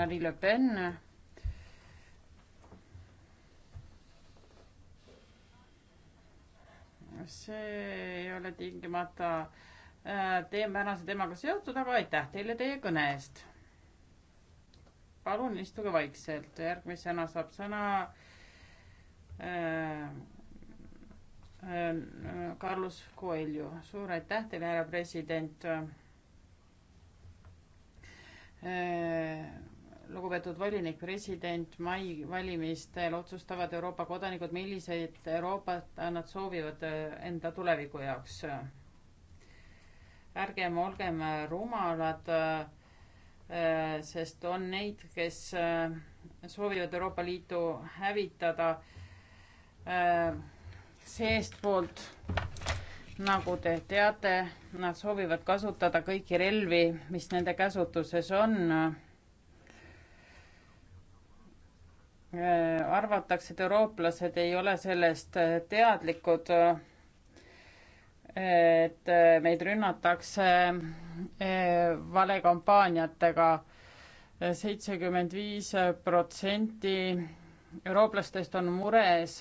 Marie Le Pen. see ei ole tingimata äh, teeme tänase teemaga seotud, aga aitäh teile teie kõne eest. palun istuge vaikselt, järgmisena saab sõna äh, äh, Carlos Coelho, suur aitäh teile, härra president äh, lugupeetud volinik, president, mai valimistel otsustavad Euroopa kodanikud, milliseid Euroopat nad soovivad äh, enda tuleviku jaoks. ärgem olgem rumalad, äh, sest on neid, kes äh, soovivad Euroopa Liitu hävitada seestpoolt nagu te teate, nad soovivad kasutada kõiki relvi, mis nende käsutuses on Äh, arvatakse, et eurooplased ei ole sellest äh, teadlikud, äh, et meid rünnatakse valekampaaniatega. seitsekümmend viis protsenti eurooplastest on mures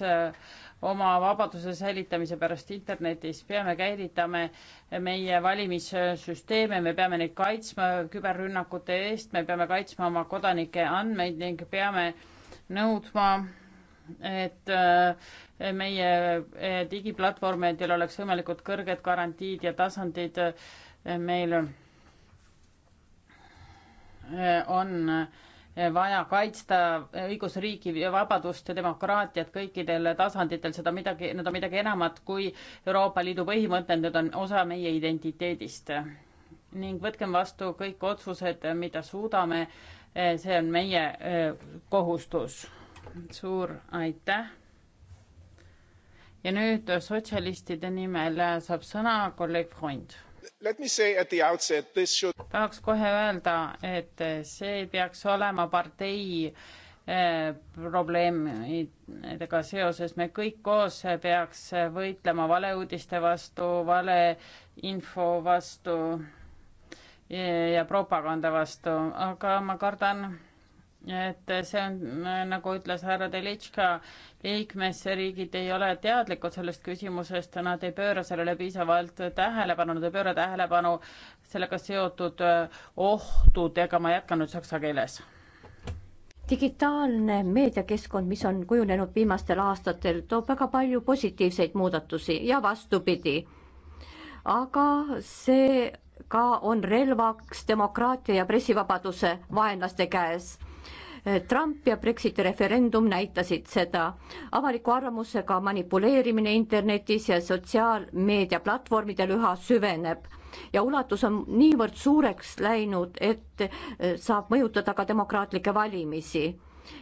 oma vabaduse säilitamise pärast internetis, peame käivitama meie valimissüsteeme, me peame neid kaitsma küberrünnakute eest, me peame kaitsma oma kodanike andmeid ning peame äh, nõudma, et äh, meie äh, digiplatvormidel oleks võimalikult kõrged garantiid ja tasandid. Äh, meil on vaja kaitsta õigusriiki, vabadust ja demokraatiat kõikidel tasanditel, seda midagi, need on midagi enamat kui Euroopa Liidu põhimõtted, need on osa meie identiteedist. ning võtkem vastu kõik otsused, mida suudame Eh, see on meie eh, kohustus. suur aitäh. ja nüüd sotsialistide nimel eh, saab sõna kolleeg Freund. Should... tahaks kohe öelda, et see ei peaks olema partei probleemidega seoses me kõik koos peaks võitlema valeuudiste vastu, valeinfo vastu ja propaganda vastu, aga ma kardan, et see on, nagu ütles härra Delitška, liikmesriigid ei ole teadlikud sellest küsimusest, nad ei pööra sellele piisavalt tähelepanu, nad ei pööra tähelepanu sellega seotud ohtudega, ma jätkan nüüd saksa keeles. digitaalne meediakeskkond, mis on kujunenud viimastel aastatel, toob väga palju positiivseid muudatusi ja vastupidi. aga see ka on relvaks demokraatia ja pressivabaduse vaenlaste käes. Trump ja Brexiti referendum näitasid seda. avaliku arvamusega manipuleerimine internetis ja sotsiaalmeedia platvormidel üha süveneb ja ulatus on niivõrd suureks läinud, et eh, saab mõjutada ka demokraatlikke valimisi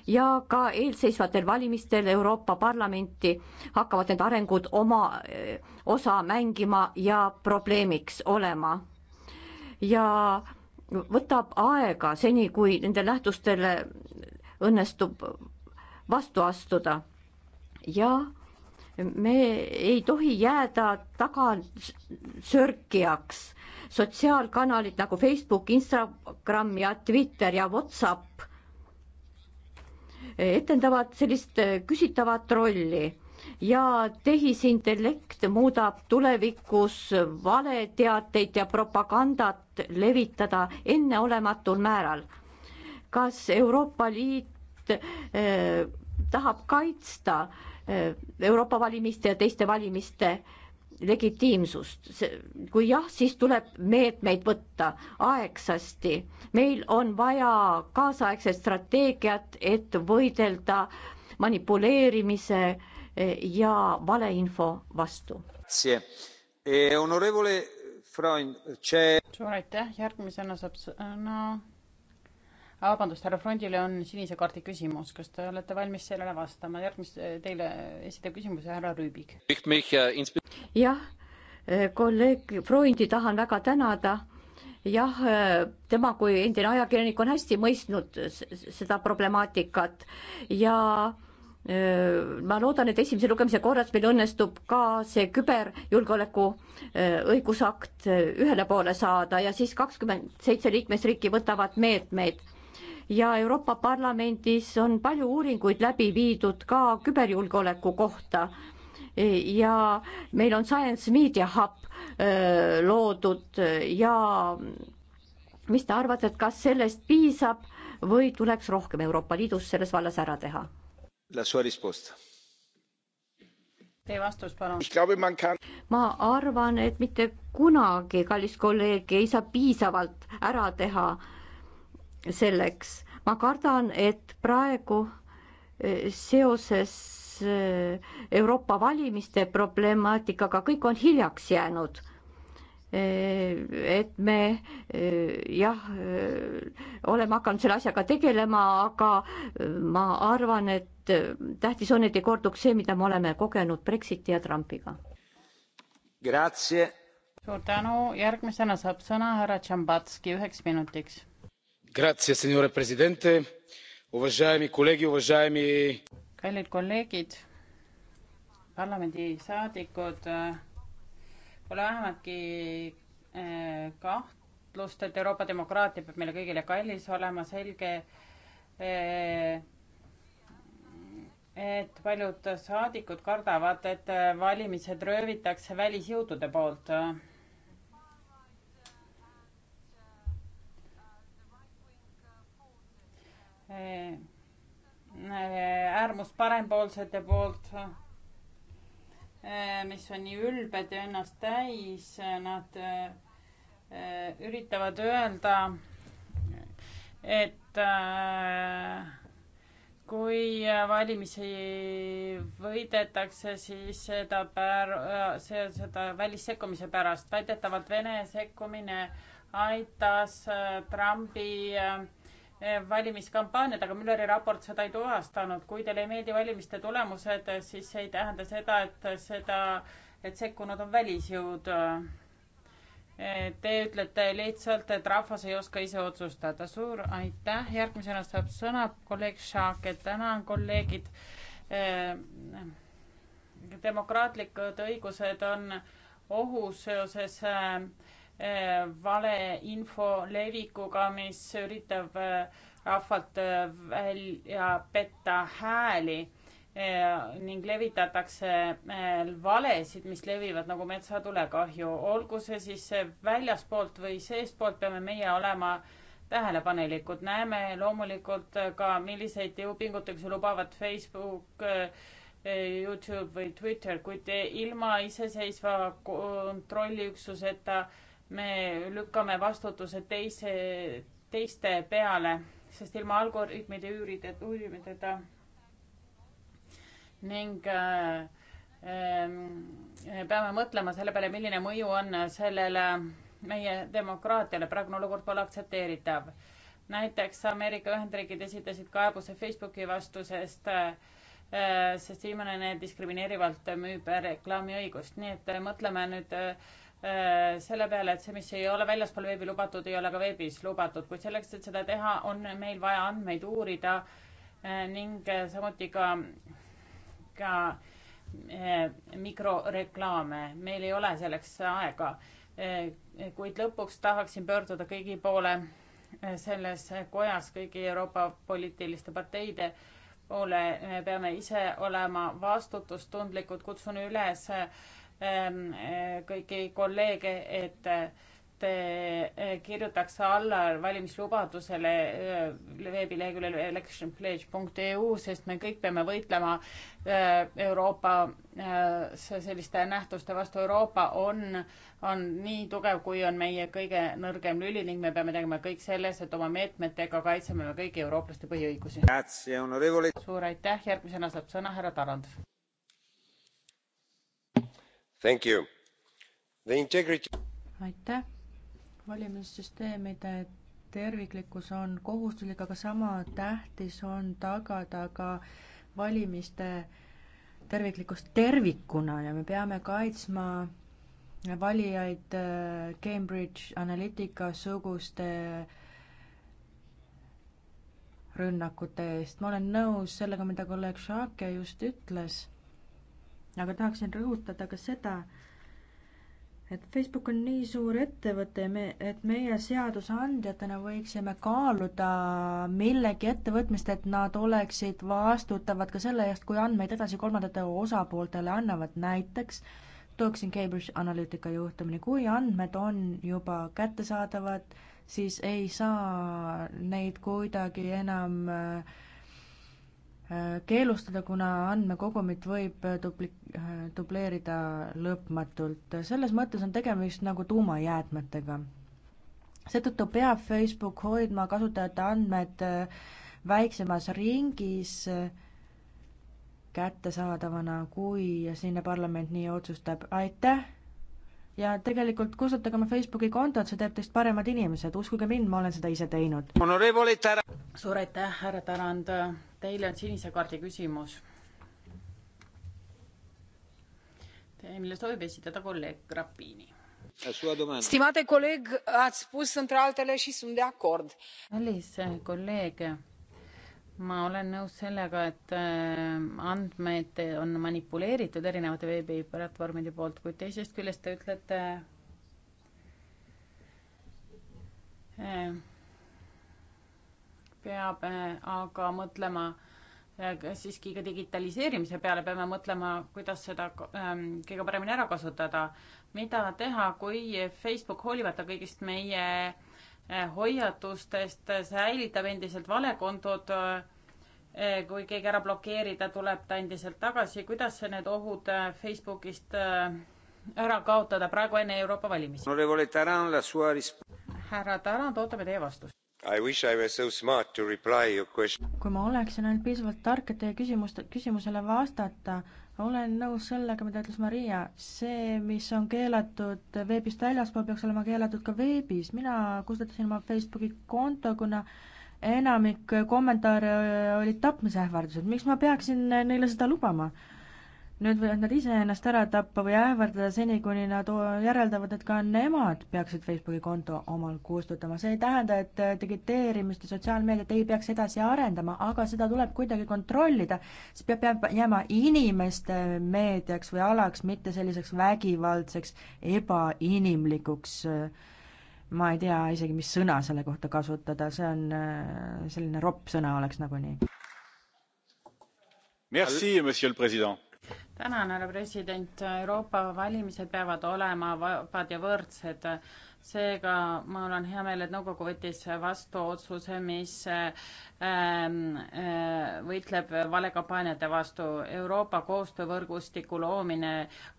ja ka eelseisvatel valimistel Euroopa Parlamenti hakkavad need arengud oma eh, osa mängima ja probleemiks olema ja võtab aega seni, kui nende nähtustele õnnestub vastu astuda. ja me ei tohi jääda tagasörkijaks. sotsiaalkanalid nagu Facebook, Instagram ja Twitter ja Whatsapp etendavad sellist küsitavat rolli ja tehisintellekt muudab tulevikus valeteateid ja propagandat viirust levitada enneolematul määral. kas Euroopa Liit eh, tahab kaitsta eh, Euroopa valimiste ja teiste valimiste legitiimsust, kui jah, siis tuleb meetmeid võtta aegsasti. meil on vaja kaasaegset strateegiat, et võidelda manipuleerimise eh, ja valeinfo vastu. E, onorevole suur aitäh, järgmisena saab sõna ah,, vabandust, härra Frondile on sinise kaardi küsimus, kas te olete valmis sellele vastama, järgmise, teile esitab küsimuse härra Rüübik. jah, kolleeg Freundi tahan väga tänada jah, tema kui endine ajakirjanik on hästi mõistnud seda problemaatikat ja Äh, ma loodan, et esimese lugemise korras meil õnnestub ka see küberjulgeoleku äh, õigusakt äh, ühele poole saada ja siis kakskümmend seitse liikmesriiki võtavad meetmeid. ja Euroopa Parlamendis on palju uuringuid läbi viidud ka küberjulgeoleku kohta ja meil on Science Media Hub loodud ja mis te arvate, et kas sellest piisab või tuleks rohkem Euroopa Liidus selles vallas ära teha? Teie vastus, palun. ma arvan, et mitte kunagi, kallis kolleeg, ei saa piisavalt ära teha selleks. ma kardan, et praegu eh, seoses eh, Euroopa valimiste problemaatikaga kõik on hiljaks jäänud eh, et me jah, oleme hakanud selle asjaga tegelema, aga ma arvan, et Äh, tähtis on, et ei korduks see, mida me oleme kogenud Brexiti ja Trumpiga. suur tänu, järgmisena saab sõna härra Tšambatski üheks minutiks. kallid kolleegid, parlamendisaadikud, äh, pole vähematki äh, kahtlust, et Euroopa demokraatia peab meile kõigile kallis olema, selge et paljud saadikud kardavad, et valimised röövitakse välisjõudude poolt. äärmus parempoolsete poolt, mis on nii ülbed ja ennast täis, nad üritavad öelda, et äh, kui äh, valimisi võidetakse, siis seda pär-, äh, see, seda välissekkumise pärast. väidetavalt Vene sekkumine aitas äh, Trumpi valimiskampaaniat, aga Mülleri raport seda ei tuvastanud. kui teile ei meeldi valimiste tulemused, siis see ei tähenda seda, et seda, et sekkunud on välisjõud Te ütlete lihtsalt, et rahvas ei oska ise otsustada. suur aitäh, järgmisena saab sõna kolleeg Šaak, et tänan, kolleegid. Ehm, demokraatlikud õigused on ohus seoses ehm, valeinfo levikuga, mis üritab ehm, rahvalt välja petta hääli Äh, ning levitatakse äh, valesid, mis levivad nagu metsatulekahju, olgu see siis äh, väljaspoolt või seestpoolt, peame meie olema tähelepanelikud, näeme loomulikult ka, milliseid jõupingutusi lubavad Facebook, Youtube või Twitter, kuid ilma iseseisva kontrolliüksuseta me lükkame vastutuse teise, teiste peale, sest ilma algoritmide üürideta, üürideta ning äh, ähm, peame mõtlema selle peale, milline mõju on sellele meie demokraatiale. praegune olukord pole aktsepteeritav. näiteks Ameerika Ühendriigid esitasid kaebuse Facebooki vastu, sest äh, sest viimane diskrimineerivalt müüb reklaamiõigust, nii et mõtleme nüüd äh, selle peale, et see, mis ei ole väljaspool veebi lubatud, ei ole ka veebis lubatud, kuid selleks, et seda teha, on meil vaja andmeid uurida ning samuti ka ka eh, mikroreklaame, meil ei ole selleks aega. Eh, kuid lõpuks tahaksin pöörduda kõigi poole eh, selles kojas, kõigi Euroopa poliitiliste parteide poole, me peame ise olema vastutustundlikud, kutsun üles kõiki kolleege, et Eh, kirjutaks alla valimislubadusele eh, veebileheküljel electionpledge.eu, sest me kõik peame võitlema eh, Euroopa selliste nähtuste vastu. Euroopa on, on nii tugev, kui on meie kõige nõrgem lüli ning me peame tegema kõik selles, et oma meetmetega kaitseme me kõigi eurooplaste põhiõigusi. suur aitäh, järgmisena saab sõna härra Tarand. aitäh valimissüsteemide terviklikkus on kohustuslik, aga sama tähtis on tagada ka valimiste terviklikkus tervikuna ja me peame kaitsma valijaid äh, Cambridge Analytica suguste rünnakute eest. ma olen nõus sellega, mida kolleeg Šake just ütles, aga tahaksin rõhutada ka seda, et Facebook on nii suur ettevõte ja me, et meie seadusandjatena võiksime kaaluda millegi ettevõtmist, et nad oleksid vastutavad ka selle eest, kui andmeid edasi kolmandatele osapooltele annavad, näiteks tooksin Cambridge Analytica juhtumini, kui andmed on juba kättesaadavad, siis ei saa neid kuidagi enam äh, Äh, keelustada, kuna andmekogumit võib äh, dubli-, äh, dubleerida lõpmatult. selles mõttes on tegemist nagu tuumajäätmetega. seetõttu peab Facebook hoidma kasutajate andmed väiksemas ringis kättesaadavana, kui siinne parlament nii otsustab. aitäh ja tegelikult kustutage oma Facebooki kontot, see teeb teist paremad inimesed, uskuge mind, ma olen seda ise teinud. suur aitäh, härra Tarand, teile on sinise kaardi küsimus. Teile soovib esitada kolleeg Grappini. Stimate coleg, ați spus între altele și sunt de acord. Alice, coleg ma olen nõus sellega, et äh, andmeid on manipuleeritud erinevate veebiplatvormide poolt, kuid teisest küljest te ütlete äh, peab äh, aga mõtlema siiski ka digitaliseerimise peale, peame mõtlema, kuidas seda ähm, kõige paremini ära kasutada. mida teha, kui Facebook hoolimata kõigist meie Eh, hoiatustest, säilitab endiselt valekontod. Eh, kui keegi ära blokeerida, tuleb ta endiselt tagasi. kuidas need ohud eh, Facebookist ära kaotada praegu enne Euroopa valimisi? härra Tarand, ootame teie vastust. I wish I were so smart to reply your question. kui ma oleksin ainult piisavalt tark, et teie küsimust, küsimusele vastata, olen nõus sellega, mida ütles Maria, see, mis on keelatud veebist väljaspool, peaks olema keelatud ka veebis. mina kustutasin oma Facebooki konto, kuna enamik kommentaare olid tapmisähvardused, miks ma peaksin neile seda lubama? nüüd võivad nad iseennast ära tappa või ähvardada seni, kuni nad järeldavad, et ka nemad peaksid Facebooki konto omal kustutama. see ei tähenda, et äh, digiteerimist ja sotsiaalmeediat ei peaks edasi arendama, aga seda tuleb kuidagi kontrollida. see peab jääma, jääma inimeste äh, meediaks või alaks, mitte selliseks vägivaldseks, ebainimlikuks äh, ma ei tea isegi, mis sõna selle kohta kasutada, see on selline ropp sõna oleks nagunii. Merci, monsieur le president tänan, härra president, Euroopa valimised peavad olema vabad ja võrdsed seega mul on hea meel, et nõukogu võttis vastu otsuse, mis ähm, äh, võitleb valekampaaniate vastu. Euroopa koostöövõrgustiku loomine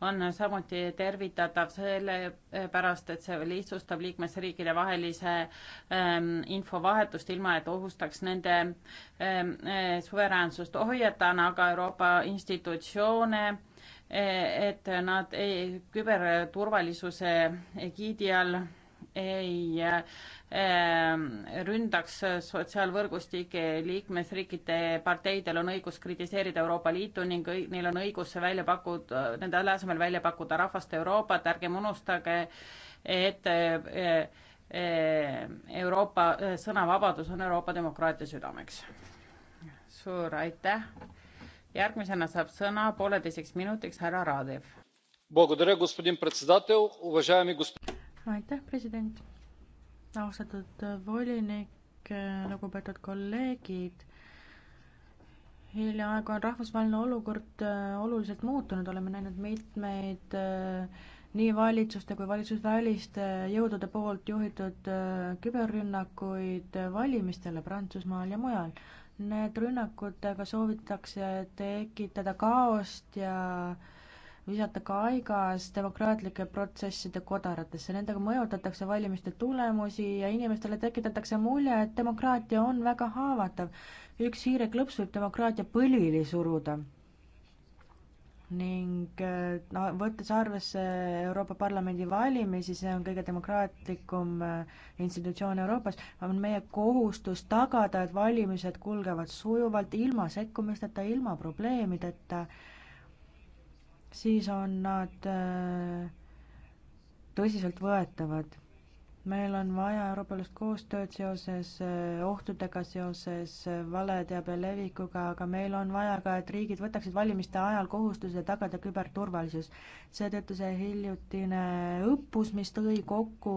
on samuti tervitatav sellepärast, et see lihtsustab liikmesriikide vahelise ähm, infovahetust, ilma et ohustaks nende ähm, äh, suveräänsust. hoiatan aga Euroopa institutsioone et nad ei, küberturvalisuse egiidi all ei äh, ründaks sotsiaalvõrgustike liikmesriikide parteidel on õigus kritiseerida Euroopa Liitu ning õi, neil on õigus välja pakkuda, nende asemel välja pakkuda rahvast Euroopat, ärgem unustage, et äh, äh, Euroopa sõnavabadus on Euroopa demokraatia südameks. suur aitäh järgmisena saab sõna pooleteiseks minutiks härra Radev. aitäh, president. austatud volinik, äh, lugupeetud kolleegid. hiljaaegu on rahvusvaheline olukord äh, oluliselt muutunud, oleme näinud mitmeid äh, nii valitsuste kui valitsusväliste jõudude poolt juhitud küberrünnakuid valimistele Prantsusmaal ja mujal. Need rünnakutega soovitakse tekitada kaost ja visata kaigas demokraatlike protsesside kodaratesse. Nendega mõjutatakse valimiste tulemusi ja inimestele tekitatakse mulje, et demokraatia on väga haavatav. üks hiireklõps võib demokraatia põlili suruda ning äh, no võttes arvesse Euroopa Parlamendi valimisi, see on kõige demokraatlikum äh, institutsioon Euroopas, on meie kohustus tagada, et valimised kulgevad sujuvalt, ilma sekkumisteta, ilma probleemideta, siis on nad äh, tõsiseltvõetavad meil on vaja euroopalist koostööd seoses eh, ohtudega seoses eh, valeteabe levikuga aga meil on vaja ka et riigid võtaksid valimiste ajal kohustuse tagada küberturvalisus seetõttu see hiljutine õppus mis tõi kokku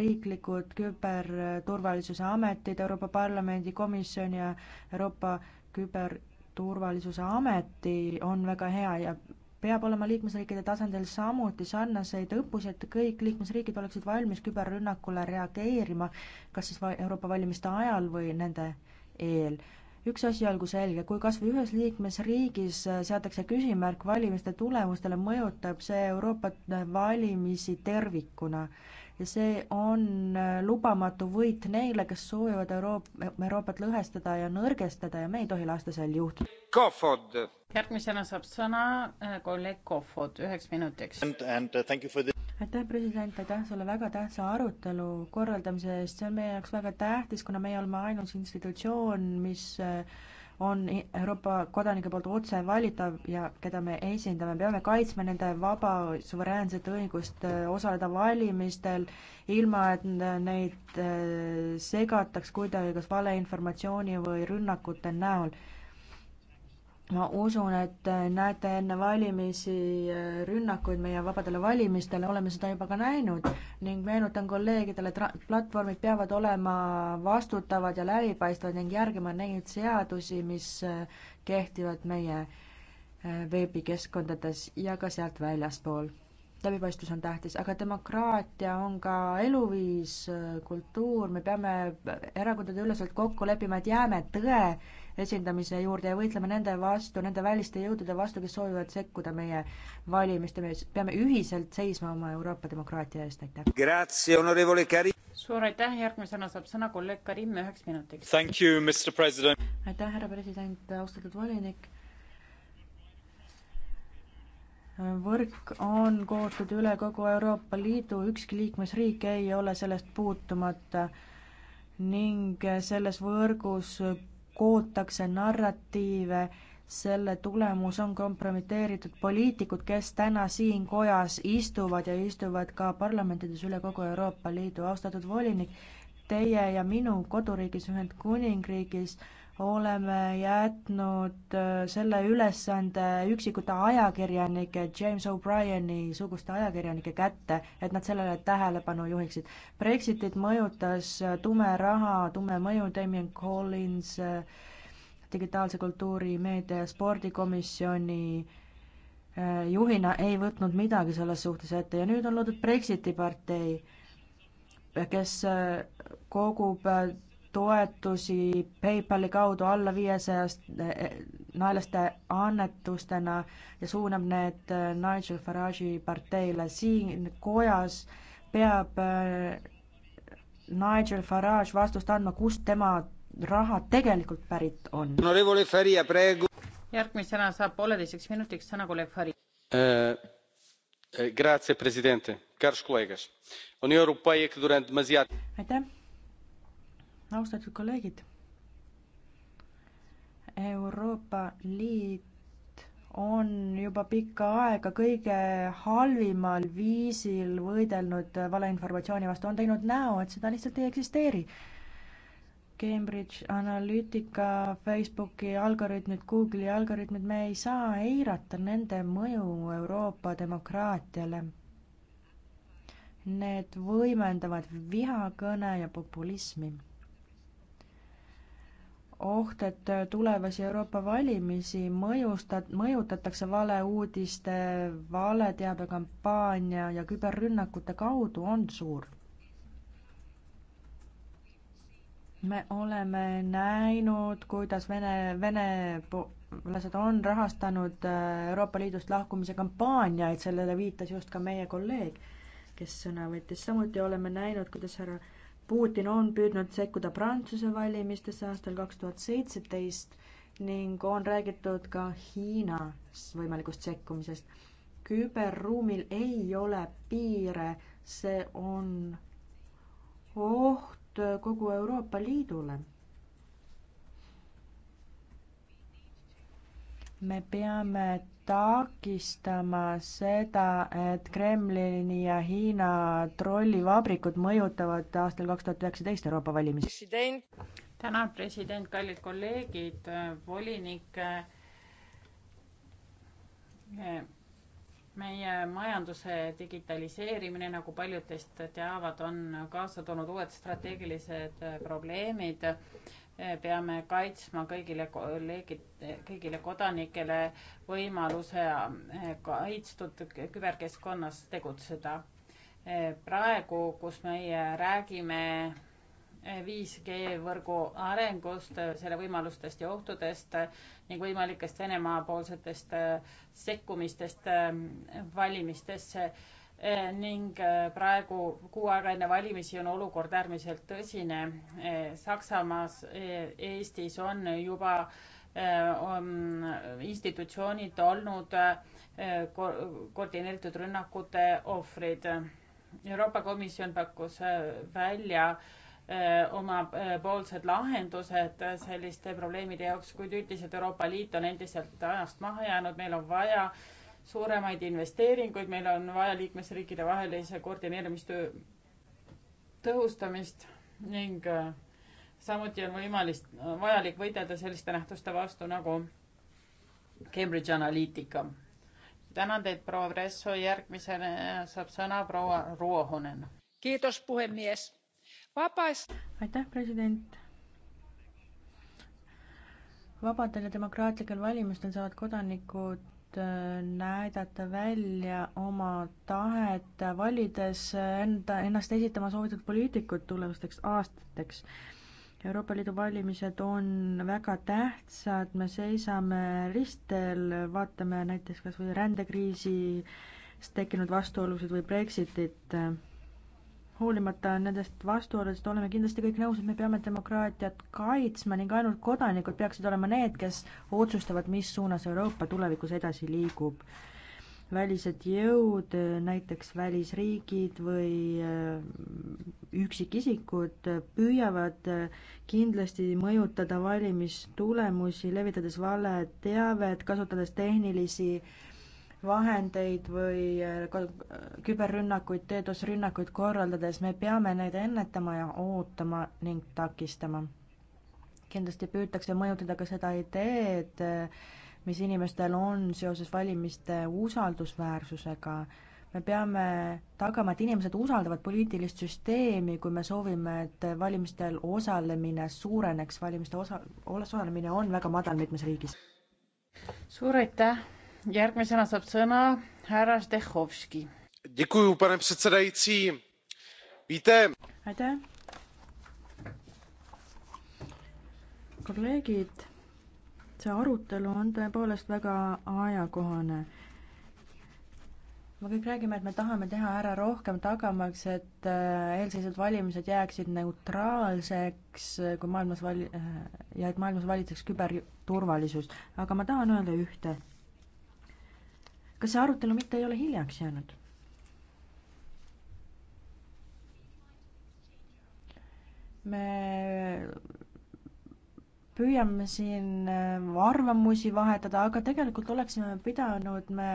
riiklikud küberturvalisuse ametid euroopa parlamendi komisjoni ja euroopa küberturvalisuse ameti on väga hea ja peab olema liikmesriikide tasandil samuti sarnaseid õppusi, et kõik liikmesriigid oleksid valmis küberrünnakule reageerima, kas siis Euroopa valimiste ajal või nende eel. üks asi olgu selge, kui kas või ühes liikmesriigis seatakse küsimärk valimiste tulemustele, mõjutab see Euroopa valimisi tervikuna ja see on äh, lubamatu võit neile, kes soovivad Euroop-, Euroopat lõhestada ja nõrgestada ja me ei tohi lasta sel juhtuda. järgmisena saab sõna äh, kolleeg Kofod üheks minutiks. Uh, aitäh, president, aitäh sulle väga tähtsa arutelu korraldamise eest, see on meie jaoks väga tähtis, kuna meie oleme ainus institutsioon, mis äh, on Euroopa kodanike poolt otse valitav ja keda me esindame, peame kaitsma nende vaba suveräänset õigust äh, osaleda valimistel, ilma et neid äh, segataks kuidagi kas valeinformatsiooni või rünnakute näol ma usun, et äh, näete enne valimisi äh, rünnakuid meie vabadele valimistele, oleme seda juba ka näinud ning meenutan kolleegidele, et platvormid peavad olema vastutavad ja läbipaistvad ning järgima neid seadusi, mis äh, kehtivad meie veebikeskkondades ja ka sealt väljaspool. läbipaistvus on tähtis, aga demokraatia on ka eluviis, kultuur, me peame erakondade üleselt kokku leppima, et jääme tõe esindamise juurde ja võitlema nende vastu, nende väliste jõudude vastu, kes soovivad sekkuda meie valimiste, me peame ühiselt seisma oma Euroopa demokraatia eest, aitäh. suur aitäh, järgmisena saab sõna kolleeg Karim üheks minutiks. aitäh, härra president, austatud volinik võrk on kootud üle kogu Euroopa Liidu, ükski liikmesriik ei ole sellest puutumata ning selles võrgus kootakse narratiive, selle tulemus on kompromiteeritud poliitikud, kes täna siin kojas istuvad ja istuvad ka parlamentides üle kogu Euroopa Liidu. austatud volinik, teie ja minu koduriigis Ühendkuningriigis oleme jätnud äh, selle ülesande üksikute ajakirjanike, James O'Brieni suguste ajakirjanike kätte, et nad sellele tähelepanu juhiksid. Brexitit mõjutas äh, tume raha, tume mõju, Damien Collins, äh, digitaalse kultuuri, meedia ja spordikomisjoni juhina ei võtnud midagi selles suhtes ette ja nüüd on loodud Brexiti partei, kes kogub toetusi PayPali kaudu alla viiesajast eh, naelaste annetustena ja suunab need eh, Nigel Farage'i parteile. siin kojas peab eh, Nigel Farage vastust andma, kust tema raha tegelikult pärit on. järgmisena saab pooleteiseks minutiks sõna kolleeg Fari äh senhor presidente caros colegas a união europeia que durante demasiado. aitäh austatud kolleegid! Euroopa Liit on juba pikka aega kõige halvimal viisil võidelnud valeinformatsiooni vastu, on teinud näo, et seda lihtsalt ei eksisteeri. Cambridge Analytica, Facebooki algoritmid, Google'i algoritmid, me ei saa eirata nende mõju Euroopa demokraatiale need võimendavad vihakõne ja populismi oht, et tulevasi Euroopa valimisi mõjustat-, mõjutatakse valeuudiste, valeteabekampaania ja küberrünnakute kaudu, on suur. me oleme näinud, kuidas Vene, Vene venelased on rahastanud äh, Euroopa Liidust lahkumise kampaaniaid, sellele viitas just ka meie kolleeg, kes sõna võttis, samuti oleme näinud, kuidas härra Putin on püüdnud sekkuda Prantsuse valimistesse aastal kaks tuhat seitseteist ning on räägitud ka Hiinas võimalikust sekkumisest. küberruumil ei ole piire, see on oht kogu Euroopa Liidule. me peame takistama seda, et Kremlini ja Hiina trollivabrikud mõjutavad aastal kaks tuhat üheksateist Euroopa valimisi? tänan, president, kallid kolleegid, volinik. meie majanduse digitaliseerimine, nagu paljud teist teavad, on kaasa toonud uued strateegilised probleemid Eh, peame kaitsma kõigile kolleegid, eh, kõigile kodanikele võimaluse eh, kaitstud küberkeskkonnas tegutseda. praegu, kus meie räägime 5G võrgu arengust, selle võimalustest ja ohtudest ning võimalikest Venemaa poolsetest sekkumistest valimistesse Eh, ning eh, praegu kuu aega enne valimisi on olukord äärmiselt tõsine. Eh, Saksamaas, Eestis on juba on institutsioonid olnud koordineeritud rünnakute ohvrid. Euroopa Komisjon pakkus välja omapoolsed lahendused selliste probleemide jaoks, kuid üldiselt Euroopa Liit on endiselt ajast maha jäänud, meil on vaja äh, suuremaid investeeringuid, meil on vaja liikmesriikide vahelise koordineerimistöö tõhustamist ning äh, samuti on võimalik, äh, vajalik võidelda selliste nähtuste vastu nagu Cambridge Analytica. tänan teid, proua Presso, järgmisena saab sõna proua Ruohonen. Kiitos puhemies. Vabas... aitäh, president vabadel ja demokraatlikel valimistel saavad kodanikud Äh, näidata välja oma tahet, valides äh, enda, ennast esitama soovitud poliitikud tulevasteks aastateks. Euroopa Liidu valimised on väga tähtsad, me seisame ristel, vaatame näiteks kas või rändekriisist tekkinud vastuolusid või Brexitit hoolimata nendest vastuoludest oleme kindlasti kõik nõus, et me peame demokraatiat kaitsma ning ainult kodanikud peaksid olema need, kes otsustavad, mis suunas Euroopa tulevikus edasi liigub. välised jõud, näiteks välisriigid või äh, üksikisikud püüavad äh, kindlasti mõjutada valimistulemusi, levitades valeteavet, kasutades tehnilisi äh, vahendeid või äh, äh, küberrünnakuid, teedusrünnakuid korraldades, me peame neid ennetama ja ootama ning takistama. kindlasti püütakse mõjutada ka seda ideed, äh, mis inimestel on seoses valimiste usaldusväärsusega. me peame tagama, et inimesed usaldavad poliitilist süsteemi, kui me soovime, et valimistel osalemine suureneks, valimiste osa, osalemine on väga madal mitmes riigis. suur aitäh pane předsedající víte kolleegid see arutelu on tõepoolest väga ajakohane me kõik räägime et me tahame teha ära rohkem tagamaks et äh, eelseisvad valimised jääksid neutraalseks äh, kui maailmas vali- äh, ja et maailmas valitseks küberturvalisus aga ma tahan öelda ühte kas see arutelu mitte ei ole hiljaks jäänud? me püüame siin äh, arvamusi vahetada, aga tegelikult oleksime pidanud me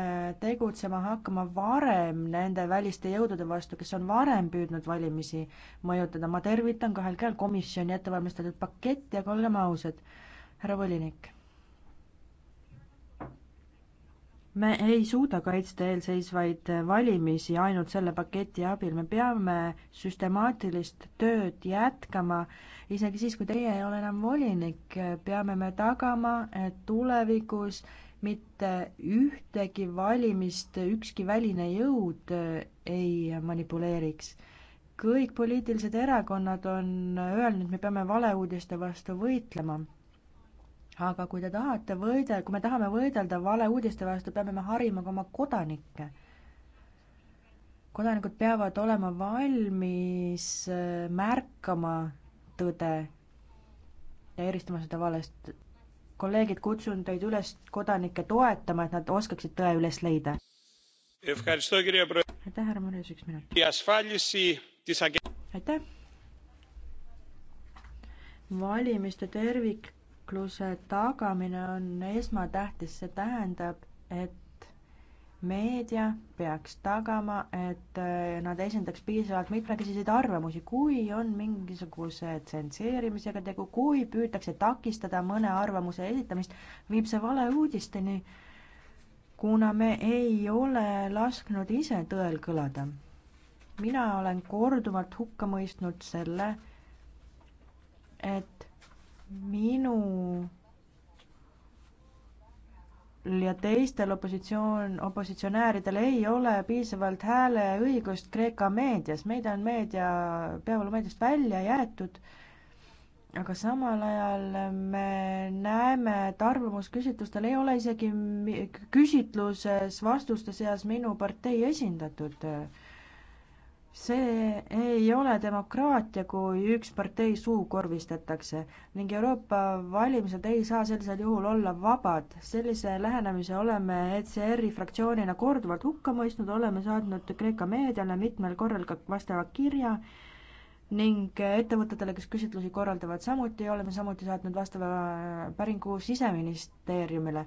tegutsema hakkama varem nende väliste jõudude vastu, kes on varem püüdnud valimisi mõjutada. ma tervitan kahel käel komisjoni ettevalmistatud paketti, aga olgem ausad, härra volinik me ei suuda kaitsta eelseisvaid valimisi ainult selle paketi abil, me peame süstemaatilist tööd jätkama, isegi siis, kui teie ei ole enam volinik, peame me tagama, et tulevikus mitte ühtegi valimist ükski väline jõud eh, ei manipuleeriks. kõik poliitilised erakonnad on öelnud, me peame valeuudiste vastu võitlema aga kui te tahate võidelda, kui me tahame võidelda valeuudiste vastu, peame me harima ka oma kodanikke. kodanikud peavad olema valmis äh, märkama tõde ja eristama seda valest. kolleegid, kutsun teid üles kodanikke toetama, et nad oskaksid tõe üles leida. aitäh, härra Mõrjus, üks minut. aitäh valimiste tervik riikluse tagamine on esmatähtis, see tähendab, et meedia peaks tagama, et äh, nad esindaks piisavalt mitmekesiseid arvamusi, kui on mingisuguse tsenseerimisega tegu, kui püütakse takistada mõne arvamuse esitamist, viib see valeuudisteni, kuna me ei ole lasknud ise tõel kõlada. mina olen korduvalt hukka mõistnud selle, et minu ja teistel opositsioon, opositsionääridel ei ole piisavalt hääleõigust Kreeka meedias, meid on meedia, peavoolumeediast välja jäetud, aga samal ajal me näeme, et arvamusküsitlustel ei ole isegi küsitluses vastuste seas minu partei esindatud see ei ole demokraatia, kui üks partei suukorvistatakse ning Euroopa valimised ei saa sellisel juhul olla vabad. sellise lähenemise oleme ECR-i fraktsioonina korduvalt hukka mõistnud, oleme saatnud Kreeka meediale mitmel korral ka vastava kirja ning ettevõtetele, kes küsitlusi korraldavad, samuti oleme samuti saatnud vastava päringu siseministeeriumile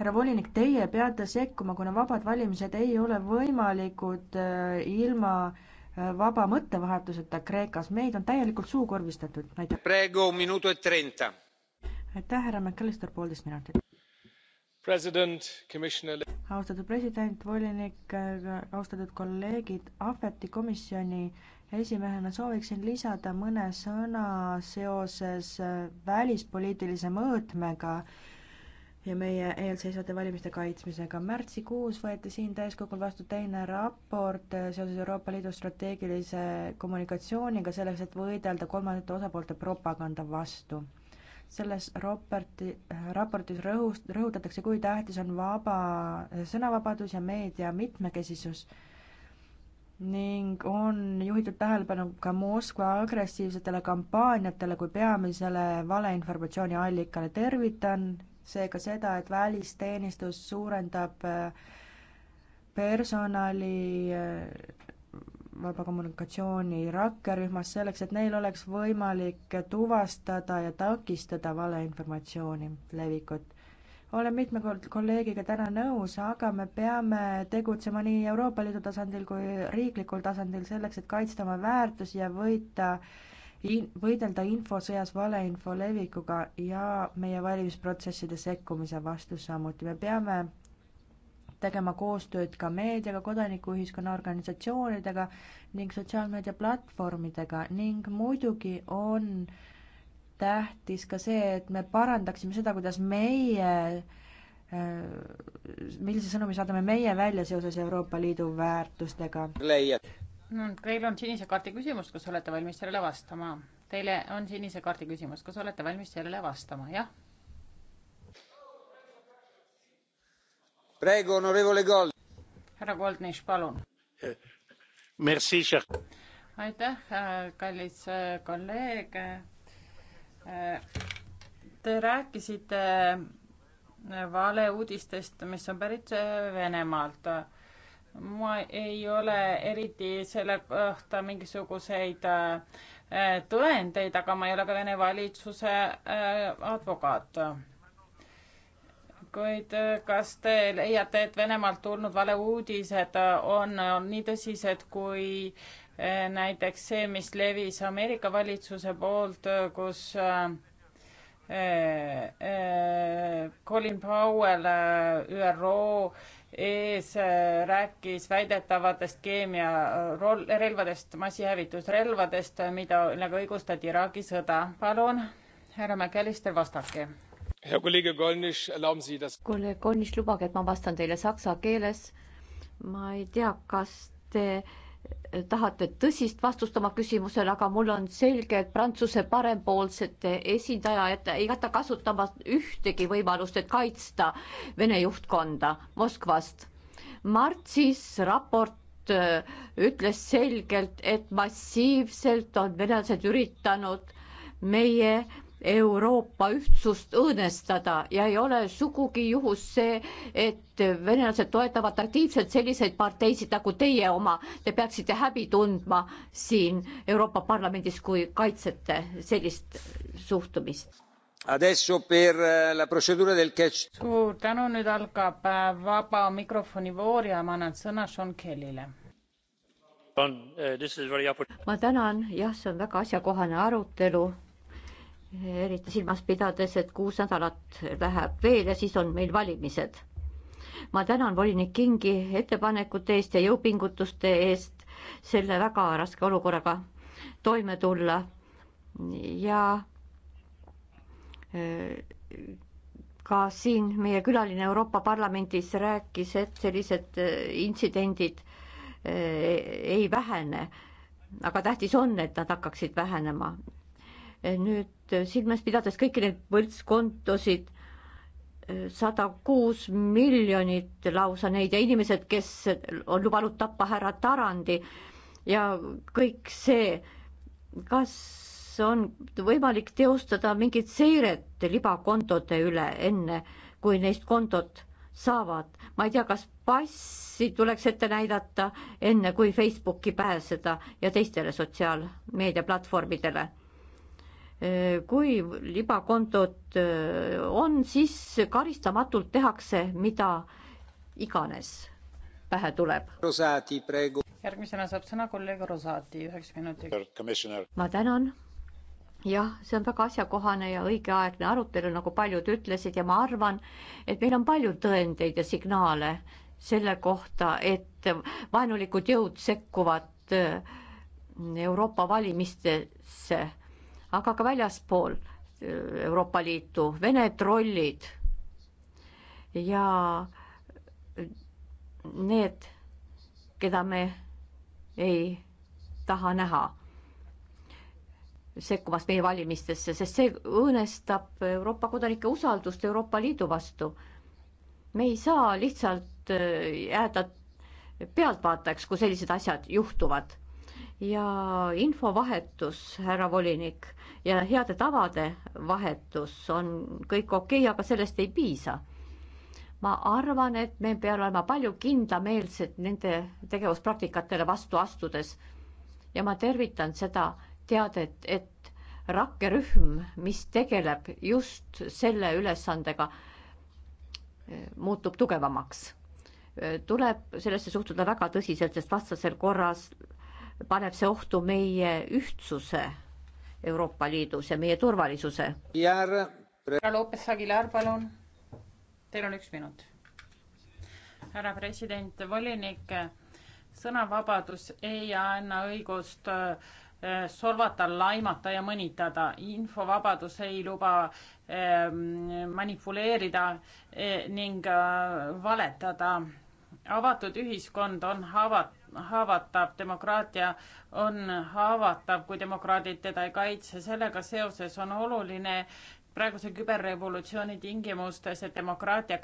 härra volinik, teie peate sekkuma, kuna vabad valimised ei ole võimalikud äh, ilma äh, vaba mõttevahetuseta Kreekas, meid on täielikult suukorvistatud, aitäh. E aitäh, härra McAllister, poolteist minutit. austatud president, volinik, äh, austatud kolleegid, Ahveti komisjoni esimehena sooviksin lisada mõne sõna seoses välispoliitilise mõõtmega ja meie eelseisvate valimiste kaitsmisega. märtsikuus võeti siin täiskogul vastu teine raport äh, seoses Euroopa Liidu strateegilise kommunikatsiooniga selleks, et võidelda kolmandate osapoolte propaganda vastu. selles raporti, raportis rõhus, rõhutatakse, kui tähtis on vaba äh, sõnavabadus ja meedia mitmekesisus ning on juhitud tähelepanu ka Moskva agressiivsetele kampaaniatele kui peamisele valeinformatsiooni allikale. tervitan seega seda, et välisteenistus suurendab äh, personali äh, vaba kommunikatsiooni rakkerühmas selleks, et neil oleks võimalik tuvastada ja takistada valeinformatsiooni levikut. olen mitme kolleegiga täna nõus, aga me peame tegutsema nii Euroopa Liidu tasandil kui riiklikul tasandil selleks, et kaitsta oma väärtusi ja võita äh, in-, võidelda infosõjas valeinfo levikuga ja meie valimisprotsesside sekkumise vastu samuti. me peame tegema koostööd ka meediaga, kodanikuühiskonna organisatsioonidega ning sotsiaalmeedia platvormidega ning muidugi on tähtis ka see, et me parandaksime seda, kuidas meie äh, millise sõnumi saadame meie välja seoses Euroopa Liidu väärtustega? Teil on sinise kaardi küsimus, kas olete valmis sellele vastama? Teile on sinise kaardi küsimus, kas olete valmis sellele vastama, jah? Prego, onorevole Gold. härra Goldnish, palun. aitäh, äh, kallis äh, kolleeg. Äh, te rääkisite valeuudistest, mis on pärit Venemaalt ma ei ole eriti selle kohta mingisuguseid äh, tõendeid, aga ma ei ole ka Vene valitsuse äh, advokaat. kuid äh, kas te leiate, et Venemaalt tulnud valeuudised on, on nii tõsised kui näiteks see, mis levis Ameerika valitsuse poolt, kus Colin Powell ÜRO ees äh, rääkis väidetavatest keemiarelvadest, massihävitusrelvadest, mida, millega õigustati Iraagi sõda. palun, härra McAllister, vastake. kolleeg Golnisch, lubage, et ma vastan teile saksa keeles. ma ei tea, kas te tahate tõsist vastust oma küsimusele, aga mul on selge, et Prantsuse parempoolsete esindaja ei jäta kasutama ühtegi võimalust, et kaitsta Vene juhtkonda Moskvast. märtsis raport äh, ütles selgelt, et massiivselt on venelased üritanud meie Euroopa ühtsust õõnestada ja ei ole sugugi juhus see, et venelased toetavad aktiivselt selliseid parteisid nagu teie oma. Te peaksite häbi tundma siin Euroopa Parlamendis, kui kaitsete sellist suhtumist. Eh, suur tänu, nüüd algab eh, vaba mikrofoni voor ja ma annan sõna Sean Kellyle eh, ma tänan, jah, see on väga asjakohane arutelu eriti silmas pidades, et kuus nädalat läheb veel ja siis on meil valimised. ma tänan volinik Kingi ettepanekute eest ja jõupingutuste eest selle väga raske olukorraga toime tulla ja äh, ka siin meie külaline Euroopa Parlamendis rääkis, et sellised äh, intsidendid äh, ei vähene, aga tähtis on, et nad hakkaksid vähenema nüüd silmas pidades kõiki neid võltskontosid, sada kuus miljonit lausa neid ja inimesed, kes on lubanud tappa härra Tarandi ja kõik see, kas on võimalik teostada mingit seiret libakontode üle, enne kui neist kontot saavad, ma ei tea, kas passi tuleks ette näidata, enne kui Facebooki pääseda ja teistele sotsiaalmeediaplatvormidele kui libakontot äh, on, siis karistamatult tehakse mida iganes pähe tuleb. järgmisena saab sõna kolleeg Rosati üheks minutiks. ma tänan. jah, see on väga asjakohane ja õigeaegne arutelu, nagu paljud ütlesid ja ma arvan, et meil on palju tõendeid ja signaale selle kohta, et vaenulikud jõud sekkuvad äh, Euroopa valimistesse aga ka väljaspool äh, Euroopa Liitu, Vene trollid ja need, keda me ei taha näha sekkumas meie valimistesse, sest see õõnestab Euroopa kodanike usaldust Euroopa Liidu vastu. me ei saa lihtsalt äh, jääda pealtvaatajaks, kui sellised asjad juhtuvad. ja infovahetus, härra volinik ja heade tavade vahetus on kõik okei okay,, aga sellest ei piisa. ma arvan, et me peame olema palju kindlameelsed nende tegevuspraktikatele vastu astudes. ja ma tervitan seda teadet, et rakkerühm, mis tegeleb just selle ülesandega, muutub tugevamaks. tuleb sellesse suhtuda väga tõsiselt, sest vastasel korras paneb see ohtu meie ühtsuse Euroopa Liidus ja meie turvalisuse. härra Lopez Aguilar, palun. Teil on üks minut. härra president, volinik, sõnavabadus ei anna õigust eh, solvata, laimata ja mõnitada. infovabadus ei luba eh, manipuleerida eh, ning valetada. avatud ühiskond on haavat-, haavatav, demokraatia on haavatav, kui demokraadid teda ei kaitse. sellega seoses on oluline praeguse küberrevolutsiooni tingimustes, et demokraatia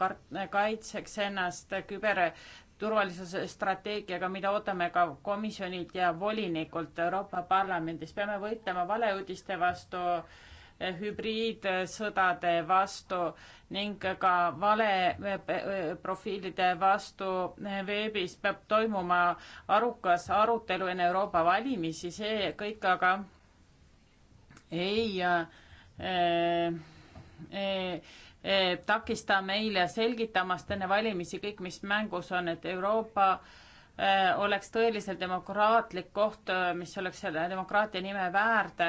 kaitseks ennast küberturvalisuse strateegiaga, mida ootame ka komisjonilt ja volinikult Euroopa Parlamendis. peame võitlema valeuudiste vastu hübriidsõdade vastu ning ka valeprofiilide vastu veebis peab toimuma arukas arutelu enne Euroopa valimisi, see kõik aga ei äh, äh, äh, takista meile selgitamast enne valimisi kõik, mis mängus on, et Euroopa eh, oleks tõeliselt demokraatlik koht, mis oleks selle demokraatia nime väärt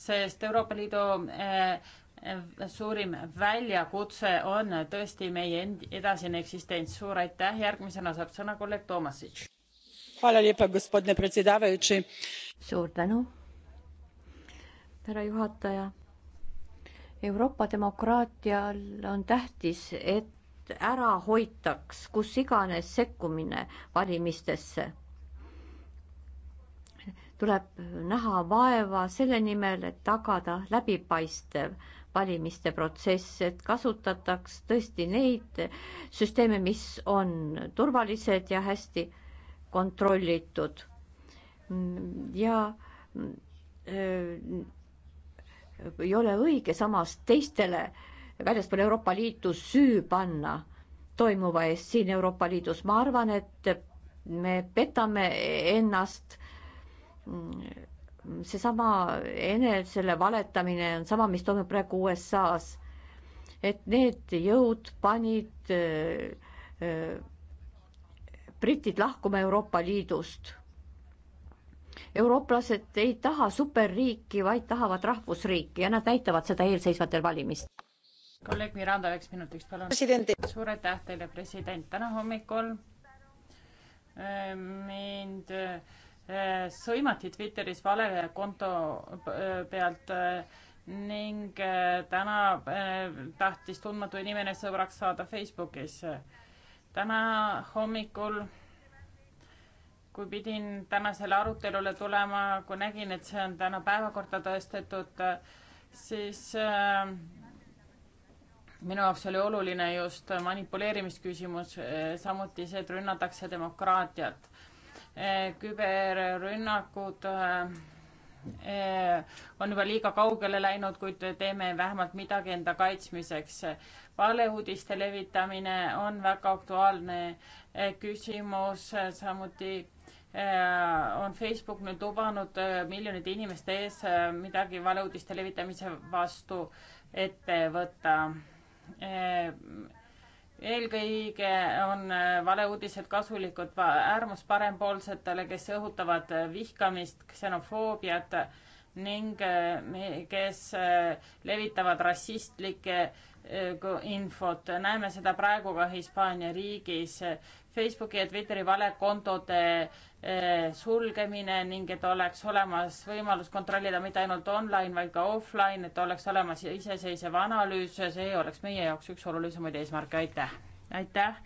sest Euroopa Liidu eh, suurim väljakutse on tõesti meie edasine eksistents. suur aitäh, järgmisena saab sõna kolleeg Toomasic. suur tänu, härra juhataja. Euroopa demokraatial on tähtis, et ära hoitaks kus iganes sekkumine valimistesse tuleb näha vaeva selle nimel, et tagada läbipaistev valimiste protsess, et kasutataks tõesti neid süsteeme, mis on turvalised ja hästi kontrollitud. ja äh, ei ole õige samas teistele väljaspool Euroopa Liitu süü panna toimuva eest siin Euroopa Liidus, ma arvan, et me petame ennast Mm, seesama enesele valetamine on sama, mis toimub praegu USA-s. et need jõud panid äh, äh, britid lahkuma Euroopa Liidust. eurooplased ei taha superriiki, vaid tahavad rahvusriiki ja nad näitavad seda eelseisvatel valimistel kolleeg Miranda üheks minutiks, palun. suur aitäh teile, president. täna hommikul äh, mind sõimati Twitteris valekonto äh, pealt äh, ning äh, täna tahtis tundmatu inimene sõbraks saada Facebookis. täna hommikul kui pidin tänasele arutelule tulema, kui nägin, et see on täna päevakorda tõestetud, siis äh, minu jaoks oli oluline just manipuleerimisküsimus, samuti see, et rünnatakse demokraatiat. Eh, küberrünnakud eh, on juba liiga kaugele läinud, kuid teeme vähemalt midagi enda kaitsmiseks. valeuudiste levitamine on väga aktuaalne eh, küsimus, samuti on Facebook nüüd lubanud miljonite inimeste ees midagi valeuudiste levitamise vastu ette võtta eelkõige on äh, valeuudised kasulikud äärmusparempoolsetele, kes õhutavad äh, vihkamist, ksenofoobiat ning äh, kes levitavad rassistlikke infot. näeme seda praegu ka Hispaania riigis Facebooki ja Twitteri valekontode eh, sulgemine ning et oleks olemas võimalus kontrollida mitte ainult online, vaid ka offline, et oleks olemas iseseisev analüüs, see oleks meie jaoks üks olulisemaid eesmärke, aitäh. aitäh,